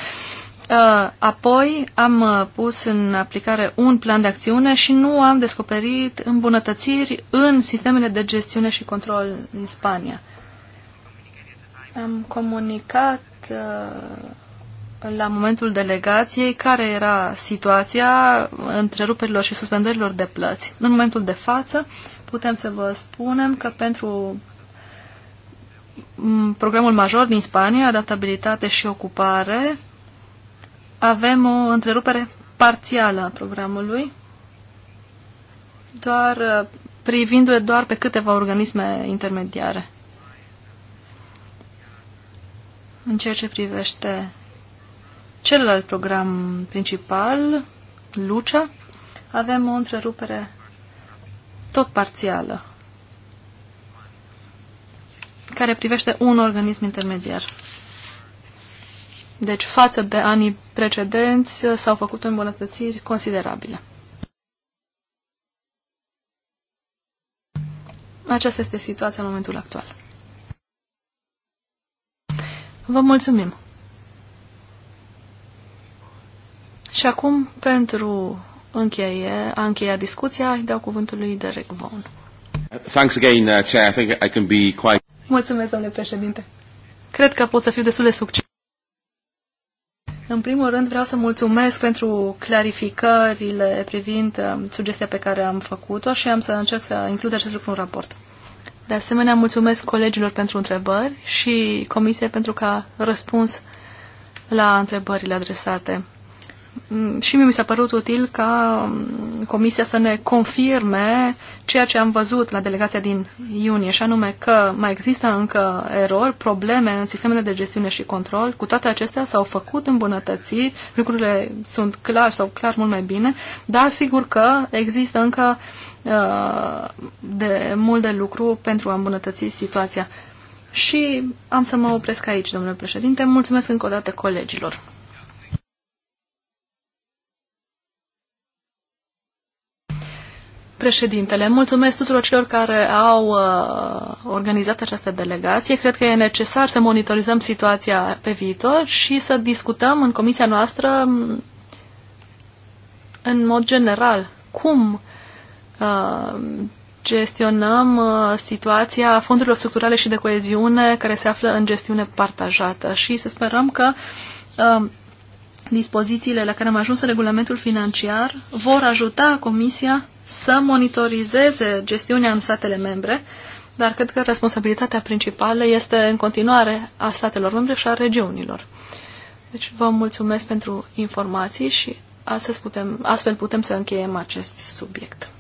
Uh, apoi am uh, pus în aplicare un plan de acțiune și nu am descoperit îmbunătățiri în sistemele de gestiune și control în Spania. Am comunicat uh, la momentul delegației care era situația întreruperilor și suspendărilor de plăți. În momentul de față putem să vă spunem că pentru programul major din Spania, adaptabilitate și ocupare, avem o întrerupere parțială a programului, doar uh, privindu-le doar pe câteva organisme intermediare. În ceea ce privește celălalt program principal, Lucea, avem o întrerupere tot parțială care privește un organism intermediar. Deci, față de anii precedenți, s-au făcut îmbunătățiri considerabile. Aceasta este situația în momentul actual. Vă mulțumim! Și acum, pentru încheie, a încheia discuția, îi dau cuvântul lui Derek Vaughan. Thanks again, uh, Chair. I think I can be quite... Mulțumesc, domnule președinte. Cred că pot să fiu destul de succes. În primul rând vreau să mulțumesc pentru clarificările privind um, sugestia pe care am făcut-o și am să încerc să includ acest lucru în raport. De asemenea, mulțumesc colegilor pentru întrebări și comisiei pentru că a răspuns la întrebările adresate. Mm, și mie mi s-a părut util ca mm, Comisia să ne confirme ceea ce am văzut la delegația din iunie, și anume că mai există încă erori, probleme în sistemele de gestiune și control. Cu toate acestea s-au făcut îmbunătățiri, lucrurile sunt clar sau clar mult mai bine, dar sigur că există încă uh, de mult de lucru pentru a îmbunătăți situația. Și am să mă opresc aici, domnule președinte. Mulțumesc încă o dată colegilor. Președintele, mulțumesc tuturor celor care au uh, organizat această delegație. Cred că e necesar să monitorizăm situația pe viitor și să discutăm în comisia noastră în mod general cum uh, gestionăm uh, situația fondurilor structurale și de coeziune care se află în gestiune partajată și să sperăm că uh, dispozițiile la care am ajuns în regulamentul financiar vor ajuta Comisia să monitorizeze gestiunea în statele membre, dar cred că responsabilitatea principală este în continuare a statelor membre și a regiunilor. Deci vă mulțumesc pentru informații și astăzi putem, astfel putem să încheiem acest subiect.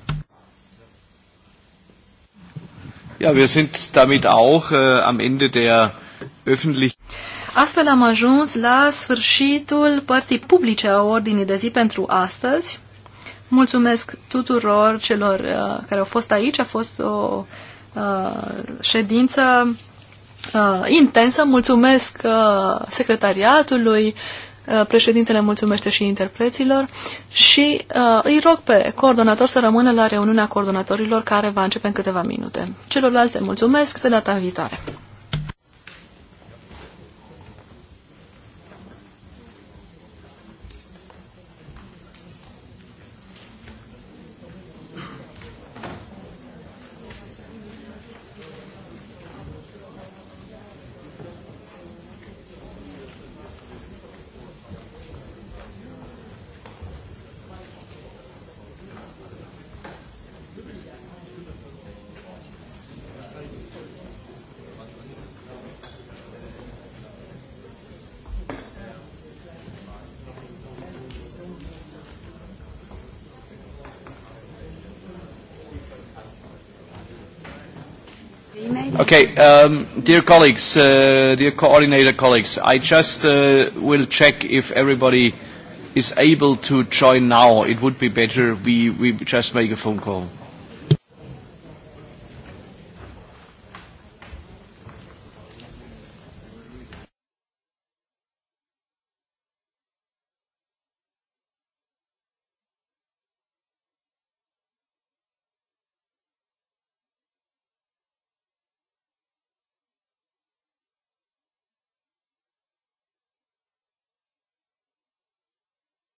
Ja, wir sind damit auch äh, am Ende der öffentlichen. Astfel am ajuns la sfârșitul părții publice a ordinii de zi pentru astăzi. Mulțumesc tuturor celor uh, care au fost aici. A fost o uh, ședință uh, intensă. Mulțumesc uh, secretariatului. Uh, președintele mulțumește și interpreților și uh, îi rog pe coordonator să rămână la reuniunea coordonatorilor care va începe în câteva minute. Celorlalți mulțumesc pe data viitoare. Okay, um, dear colleagues, uh, dear coordinator colleagues, I just uh, will check if everybody is able to join now. It would be better we, we just make a phone call.